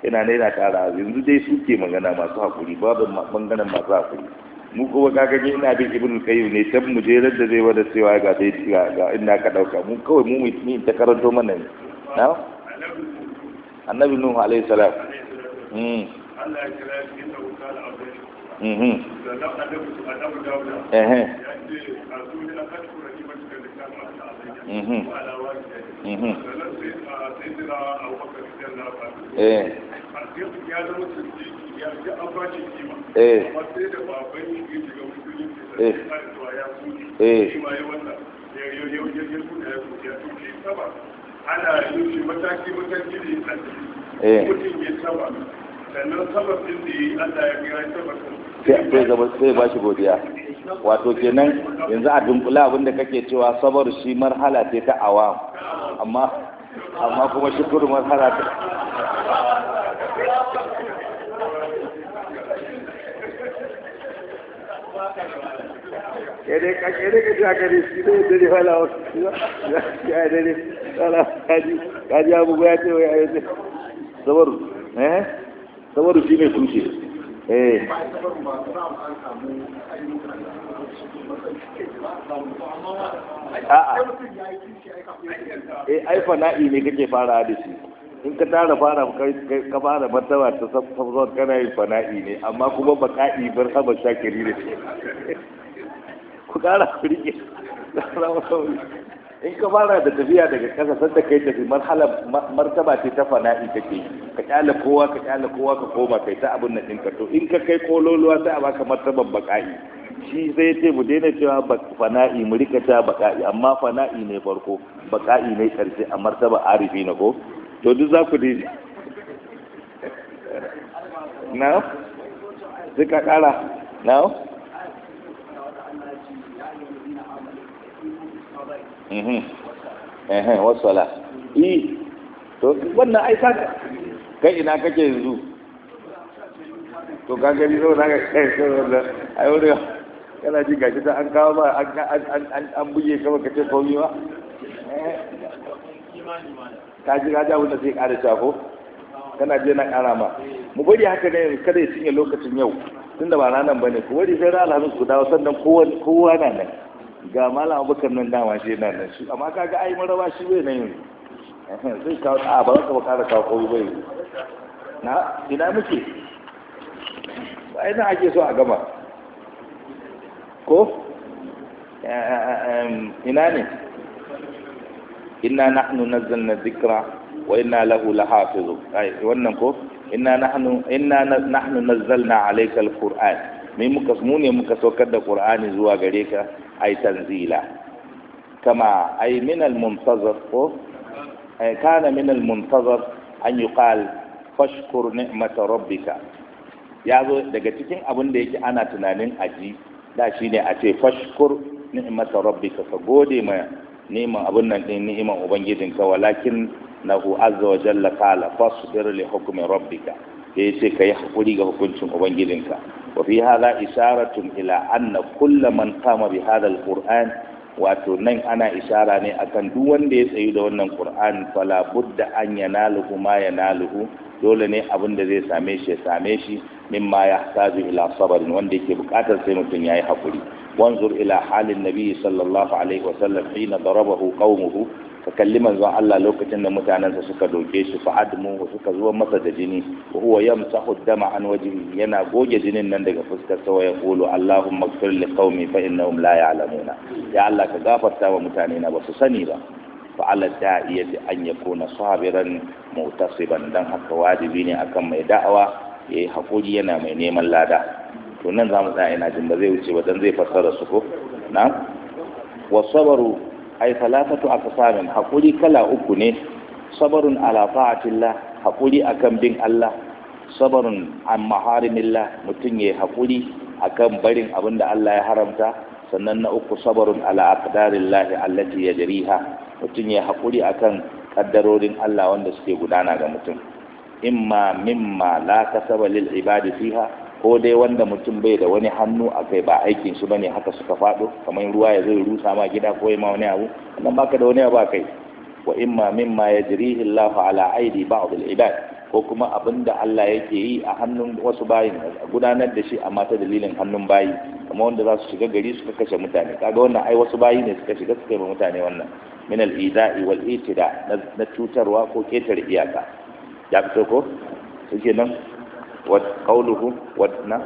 ina ne na kara yanzu dai suke magana masu hakuri babu bangaren masu hakuri mu kuma gani ina bin ibnu qayyim ne tab mujerar da zai wada cewa ga dai ga ina ka dauka mu kawai mu mu ta karanto mana ne na annabi nuhu alaihi salam mm Allah ya kira shi da mhm mhm mhm eh eh, eh. sai ba shi godiya wato kenan yanzu a dunkula abinda kake cewa sabar shi marhala ce ta awa, amma amma kuma shukuru marhala ta kere ka kere ka ta kare eh? shi ne dare wala wasu ya dare wala kaji kaji abu ya ce ya ayyuka sabar eh sabar shi ne tushe eh a'a eh ai fana'i ne kake fara da shi in ka tara fara ka fara martaba ta sabon kana yin fana'i ne amma kuma baka'i bar haɓar shakiri ne ku kara ku rike in ka fara da tafiya daga ƙasa sanda kai tafi marhala martaba ce ta fana'i ta yi ka kyale kowa ka kyale kowa ka koma kai ta abin nan ɗinka to in ka kai kololuwa sai a baka martaban baka'i shi zai ce mu daina cewa fana'i mu rika ta baka'i amma fana'i ne farko baka'i ne ƙarshe a martaba arifi na ko to duk za ku daidai na suka kara na mhm. wasala yi to wannan ai saka kai ina kake yanzu to ka gani zo na kai sai wannan ai wani kana ji gashi da an kawo ba an an an buge kama kace komai ba ka ji raja wanda zai ƙara shafo kana je na ƙara ma mu bari haka ne kada ya cinye lokacin yau tun da ba ranar ba ne ku bari sai ranar alhamis ku dawo sannan kowa na nan ga malam abubakar nan dama shi na nan shi amma kaga ai maraba shi bai nan yanzu zai kawo a ba ka ba kada kawo koyi bai na ina muke ai na ake so a gama ko ina ne inna nahnu nazzalna dhikra wa inna lahu lahafizun ai wannan ko inna nahnu inna nahnu nazzalna alayka alquran mai muka mu ne muka saukar da qur'ani zuwa gare ka ai tanzila kama ai min almuntazir ko ai kana min almuntazir an yuqal fashkur ni'mata rabbika ya zo daga cikin abin da yake ana tunanin aji da shine a ce fashkur ni'mata rabbika ka gode ma neman abin nan ɗin ubangijin ubangijinka walakin hu azza wa jalla qala fasbir li hukmi rabbika sai ka yi hakuri ga hukuncin ubangijinka wa fi hadha isharatun ila anna kullu man qama bi hadha alquran wato nan ana isara ne akan duk wanda ya tsayi da wannan qur'an fala budda an yanaluhu ma yanaluhu dole ne abin da zai same shi ya same shi mimma yahtaju ila sabarin wanda yake bukatar sai mutum yayi hakuri وانظر إلى حال النبي صلى الله عليه وسلم حين ضربه قومه kalli manzon Allah lokacin da mutanensa suka doke shi fa admu suka zuwa masa da jini wa huwa yamsahu dama an wajhihi yana goge jinin nan daga fuskar sa ya qulu Allahumma ighfir li qaumi fa innahum la ya'lamuna ya Allah ka gafarta wa mutane na basu sani ba fa ala da'iyati an yakuna sabiran mu'tasiban dan haka wajibi ne akan mai da'awa yayi hakuri yana mai neman lada to nan za mu tsaya ina jin ba zai wuce ba dan zai fassara su ko na wasabaru ay salatatu aqsamin hakuri kala uku ne sabarun ala fa'atillah hakuri akan bin Allah sabarun an maharimillah mutum ya hakuri akan barin abin da Allah ya haramta sannan na uku sabarun ala aqdarillah allati yajriha mutum ya hakuri akan kaddarorin Allah wanda suke gudana ga mutum imma mimma la kasaba lil ibadi fiha ko dai wanda mutum bai da wani hannu a kai ba aikin shi bane haka suka faɗo kamar ruwa ya zai rusa ma gida ko ya ma wani abu nan baka da wani abu a kai wa imma mimma yajrihi Allahu ala aidi ba'd al-ibad ko kuma abinda Allah yake yi a hannun wasu bayin gudanar da shi amma ta dalilin hannun bayi kamar wanda za su shiga gari suka kashe mutane kaga wannan ai wasu bayi ne suka shiga suka yi mutane wannan min al-ida'i wal na cutarwa ko ketar iyaka ya fito ko suke sama ودنا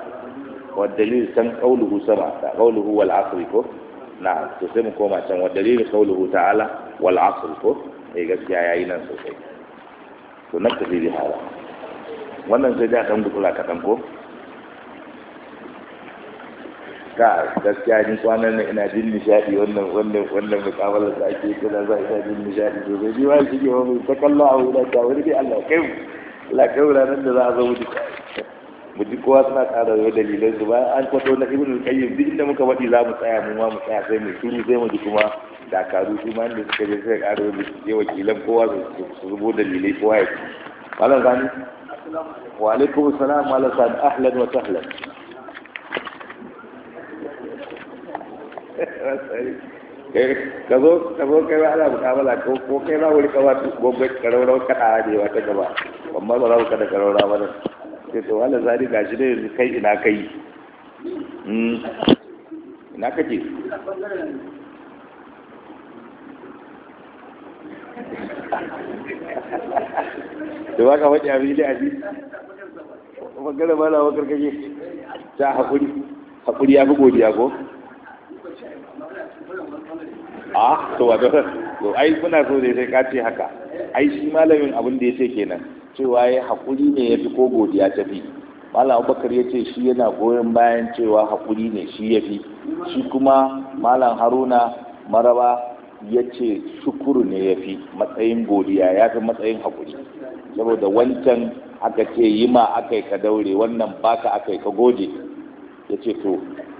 والدليل كان قوله سبع قوله والعصر كو نعم تسمى كما كان والدليل قوله تعالى والعصر كو اي غسيا ياي نان سوسي to na tafi da hala wannan sai da kan dukula ka ko ka gaskiya ni kwanan ina jin nishadi wannan wannan wannan mukabalar da ake kira za ina jin nishadi to bai shi ke ta kallo a wurin ta wuri Allah kai lakai wuraren da za a zama duka mu ji kowa suna dalilan su bayan an kwato na ibn al-qayyim duk inda muka faɗi za mu tsaya mu ma mu tsaya sai mu shiru sai mu ji kuma dakaru su ma inda suka je je wakilan kowa su zubo dalilai kowa ya ci malam sani wa alaikum malam sani ahlan wa sahlan [LAUGHS] Eh, kazo zo kai ba ana mukabala ko ko kai ba wuri kawa gobe karaura ka da ne wata gaba amma ba za ku kada karaura ba sai to wala zari shi ne yanzu kai ina kai hmm. ina kake da ba ka faɗi abin da abin magana ba na wakar kake ta haƙuri haƙuri ya fi godiya ko a ah, to wato to ai kuna so dai sai ka ce haka ai shi malamin abin da ya kenan cewa ya haƙuri ne ya fi ko godiya ta fi malam abubakar ya ce shi yana goyon bayan cewa hakuri ne shi ya fi shi kuma malam haruna maraba ya ce shukuru ne ya fi matsayin godiya ya fi matsayin hakuri saboda wancan aka ce yi ma aka yi ka daure wannan baka aka yi ka gode ya ce to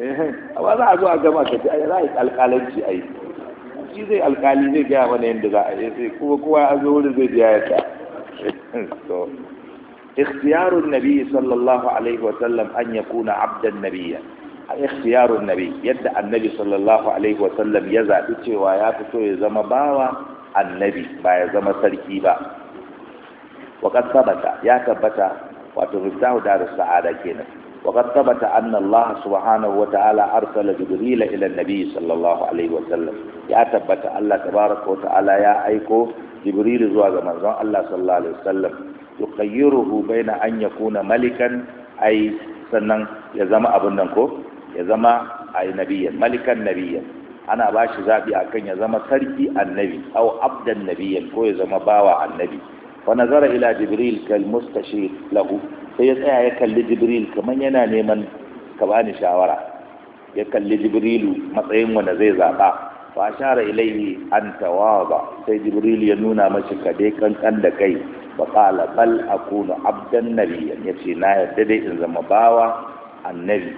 Eh, amma za a zo a gama ka ce za a yi alƙalanci a yi shi zai alƙali zai gaya mana yadda za a yi sai kuma kowa a zo wani zai biya ya ta to [LAUGHS] ikhtiyarun nabi sallallahu alaihi wa sallam an kuna abdan nabi a ikhtiyarun nabi yadda annabi sallallahu alaihi wa sallam ya zaɓi cewa ya fito ya zama bawa annabi ba ya zama sarki ba wa sabata ya tabbata wato miftahu darus وقد ثبت أن الله سبحانه وتعالى أرسل جبريل إلى النبي صلى الله عليه وسلم يا تبت الله تبارك وتعالى يا أيكو جبريل زواج منزون الله صلى الله عليه وسلم يخيره بين أن يكون ملكا أي سنن يزما أبننكو يزما أي نبيا ملكا نبيا أنا باش زابي أكن يزما سرقي النبي أو عبد النبي كو يزما باوى النبي wa nazara ila jibril kal mustashir lahu sai ya tsaya ya kalli jibril kaman yana neman kabani shawara ya kalli jibrilu matsayin wanda zai zaba fa ashara ilayhi an tawaba sai jibril ya nuna mashi ka dai kankan da kai fa qala bal akunu abdan nabiyyan yace na yadda dai in zama bawa annabi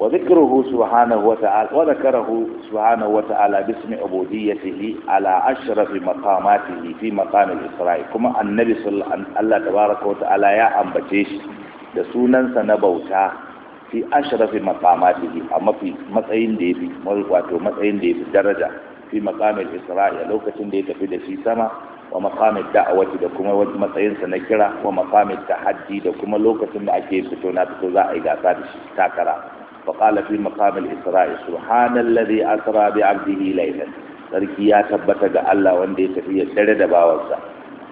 وذكره سبحانه وتعالى وذكره سبحانه وتعالى باسم عبوديته على اشرف مقاماته في مقام الاسراء كما النبي صلى الله تبارك وتعالى يا امبتيش da sunansa sa na bauta fi ashrafi maqamatihi a mafi matsayin da yafi wato matsayin da lokacin da ya tafi da shi sama wa maqamil da'awati da kuma matsayin sa na kira wa maqamil tahaddi da kuma lokacin da ake fito na fito za a yi gasa da shi takara فقال في مقام الإسراء سبحان الذي أسرى بعبده ليلا sarki ya tabbata ga Allah wanda ya tafi ya dare da bawansa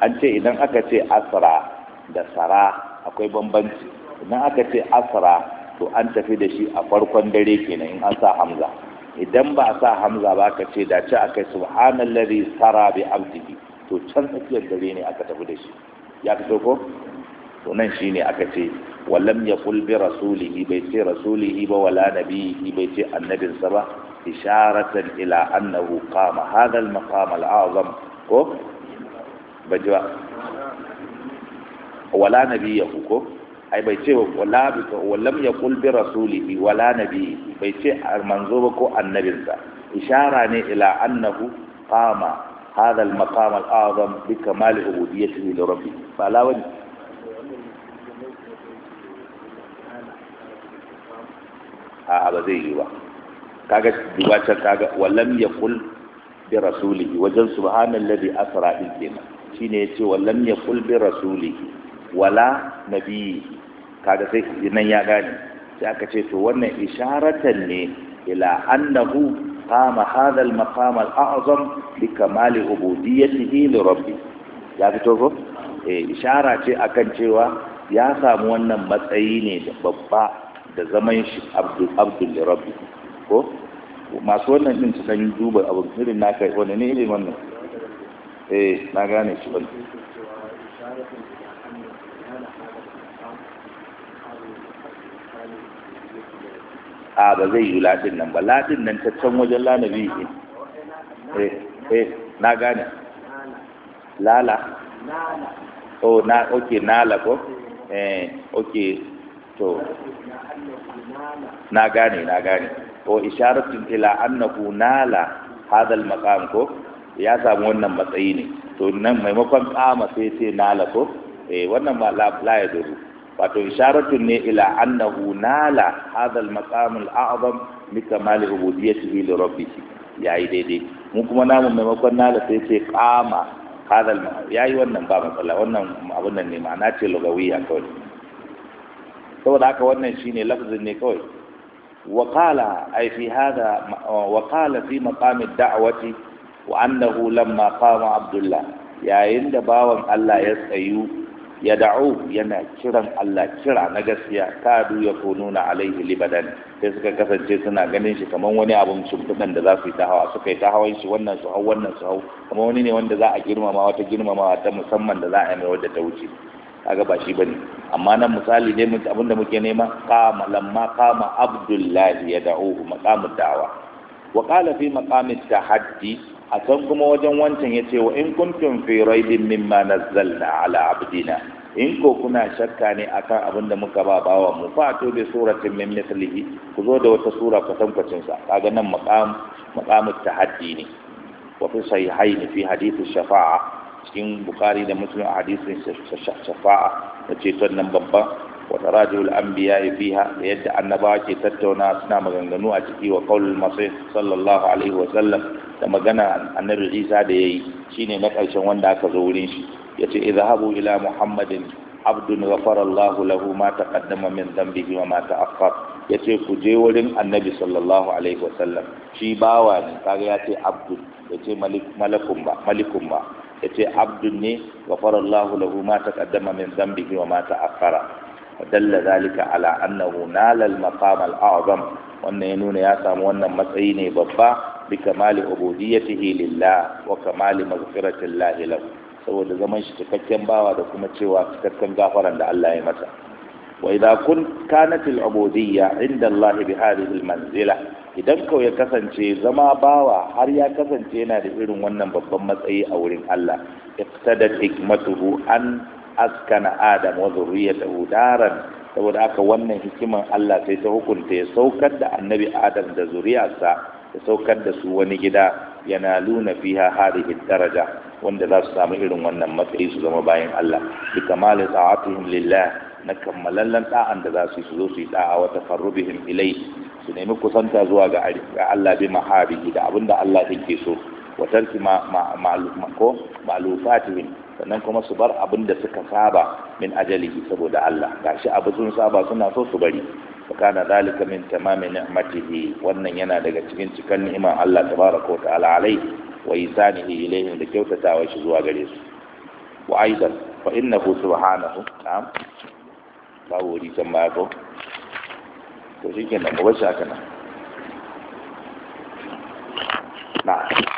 an ce idan aka ce asra da sara akwai bambanci idan aka ce asra to an tafi da shi a farkon dare kenan in an sa hamza idan ba a sa hamza ba aka ce da ce aka subhanallazi sara bi abdihi to can tsakiyar dare ne aka tafi da shi ya fito ko to nan shine aka ce walam yaqul bi rasulihi bai ce rasulihi ba wala nabihi bai ce annabin sa ba isharatan ila annahu qama hadha al maqam al azam ko bajwa wala nabiyahu ko ai bai ce wala bi walam yaqul bi rasulihi wala nabihi bai ce manzo ba ko annabin sa ishara ne ila annahu qama هذا المقام الأعظم بكمال عبوديته bi فلا وجه a'a ba zai yi ba kaga dubacin kaga walam Kul bi rasulihi wajen subhanallazi asra din kenan shine yace walam Kul bi rasulihi wala nabiyyi kaga sai nan ya gane sai aka ce to wannan isharatan ne ila annahu qama hadha al-maqam al-a'zam bi kamali ubudiyyatihi li rabbi ya fito ko eh ishara ce akan cewa ya samu wannan matsayi ne babba da zaman shi abdul rabbi ko masu wannan din su san duba abu irin na kai wani ne ne wannan eh na gane shi wannan a ba zai yi ladin nan ba ladin nan ta can wajen lanabi ne eh eh na gane lala oh na oke nala ko eh oke to na gane na gane to isharatin ila annahu nala hadal maqam ko ya samu wannan matsayi ne to nan maimakon kama sai sai nala ko eh wannan ma la ya duru wato isharatun ne ila annahu nala hadal maqam al-a'zam min kamal ubudiyyatihi li rabbih yayi daidai mu kuma namu maimakon nala sai sai kama ya yayi wannan ba matsala wannan abun nan ne ma'ana ce lugawiya kawai saboda haka wannan shine lafzin ne kawai waƙala qala ay fi hada wa fi maqam ad wa annahu lamma qama abdullah yayin da bawan Allah ya tsayu ya da'u yana kiran Allah kira na gaskiya kadu ya kununa alaihi libadan sai suka kasance suna ganin shi kaman wani abun shimfiɗan da za su yi ta hawa suka yi ta hawan shi wannan su hau wannan su hau kamar wani ne wanda za a girmama wata girmamawa ta musamman da za a yi mai wadda ta wuce kaga ba shi bane amma nan misali ne abinda muke nema qama lamma qama abdullahi yad'uhu maqamud da'wa wa qala fi maqamit tahaddi a can kuma wajen wancan yace wa in kuntum fi raibin mimma nazzalna ala abdina in ko kuna shakka ne akan abin da muka ba bawa mu fa to bi suratin min mithlihi ku zo da wata sura kwatankwacin sa kaga nan maqam maqamut tahaddi ne wa fi sahihaini fi hadith shafa'a cikin bukari da muslim a hadisin shafa'a da ceton nan babba wata rajul an biya ya fi ha, da yadda annabawa ke tattauna suna maganganu a ciki wa qaulul masih sallallahu alaihi wa sallam da magana annabi Isa da ya yi shine na ƙarshen wanda aka zo wurin shi ya yace idhabu ila muhammadin abdun ghafara Allah lahu ma taqaddama min dhanbihi wa ma ta'akhkhar yace ku je wurin annabi sallallahu alaihi wa sallam shi bawa ne kaga yace abdun ya ce malakun ba malikun ba yace abdu ne ghafarallahu lahu ma kaddama min dhanbihi wa ma ta'akhkhara dalla zalika ala annahu nala al-maqam al-a'zam wannan ya nuna ya samu wannan matsayi ne babba bi kamali ubudiyyatihi lillah wa kamali maghfiratillah lahu saboda zaman shi cikakken bawa da kuma cewa cikakken gafaran da Allah ya masa wa idza kun kanat ubudiyya inda Allah bi hadhihi al-manzila idan kawai ya kasance zama bawa har ya kasance yana da irin wannan babban matsayi a wurin Allah iqtadat hikmatuhu an askana adam wa zurriyatahu daran saboda aka wannan hikiman Allah sai ta hukunta ya saukar da annabi adam da zuriyarsa ya saukar da su wani gida yana luna fiha hadhihi daraja wanda za su samu irin wannan matsayi su zama bayan Allah bi kamali ta'atuhum lillah na kammalallen da'an da za su yi su zo su yi da'a wa tafarrubihim ilayhi su nemi kusanta zuwa ga Allah bi maharihi da abinda Allah yake so wa tarki ma'lufako ma'lufatihim sannan kuma su bar abinda suka saba min ajalihi saboda Allah gashi abu sun saba suna so su bari kana zalika min tamami ni'matihi wannan yana daga cikin cikan ni'imar Allah tabaraka wa ta'ala alai wa isanihi ilaihim da kyautatawa shi zuwa gare su wa aidan fa innahu subhanahu na'am bawo rijan ko to shi kenan ba bashi haka nan na'am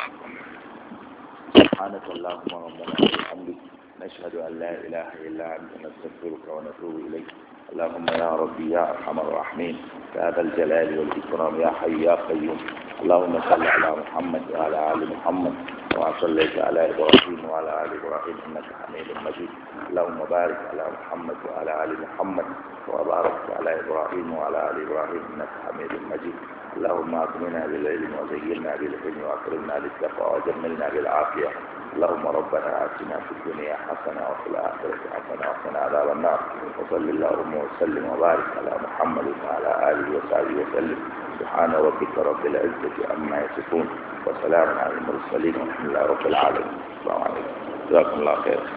سبحانك اللهم وبحمدك نشهد أن لا إله إلا أنت نستغفرك ونتوب إليك اللهم يا ربي يا أرحم الراحمين يا ذا الجلال والإكرام يا حي يا قيوم اللهم صل على محمد وعلى آل محمد وصليت على إبراهيم وعلى آل إبراهيم إنك حميد مجيد اللهم بارك على محمد وعلى آل محمد وبارك على إبراهيم وعلى آل إبراهيم إنك حميد مجيد اللهم أكرمنا بالعلم وزينا بالحلم وأكرمنا بالتقوى وجملنا بالعافية اللهم ربنا آتنا في الدنيا حسنة وفي الآخرة حسنة وقنا عذاب النار وصل اللهم وسلم وبارك على محمد وعلى آله وصحبه وسلم سبحان ربك رب العزة عما يصفون وسلام على المرسلين والحمد لله رب العالمين السلام عليكم جزاكم الله خير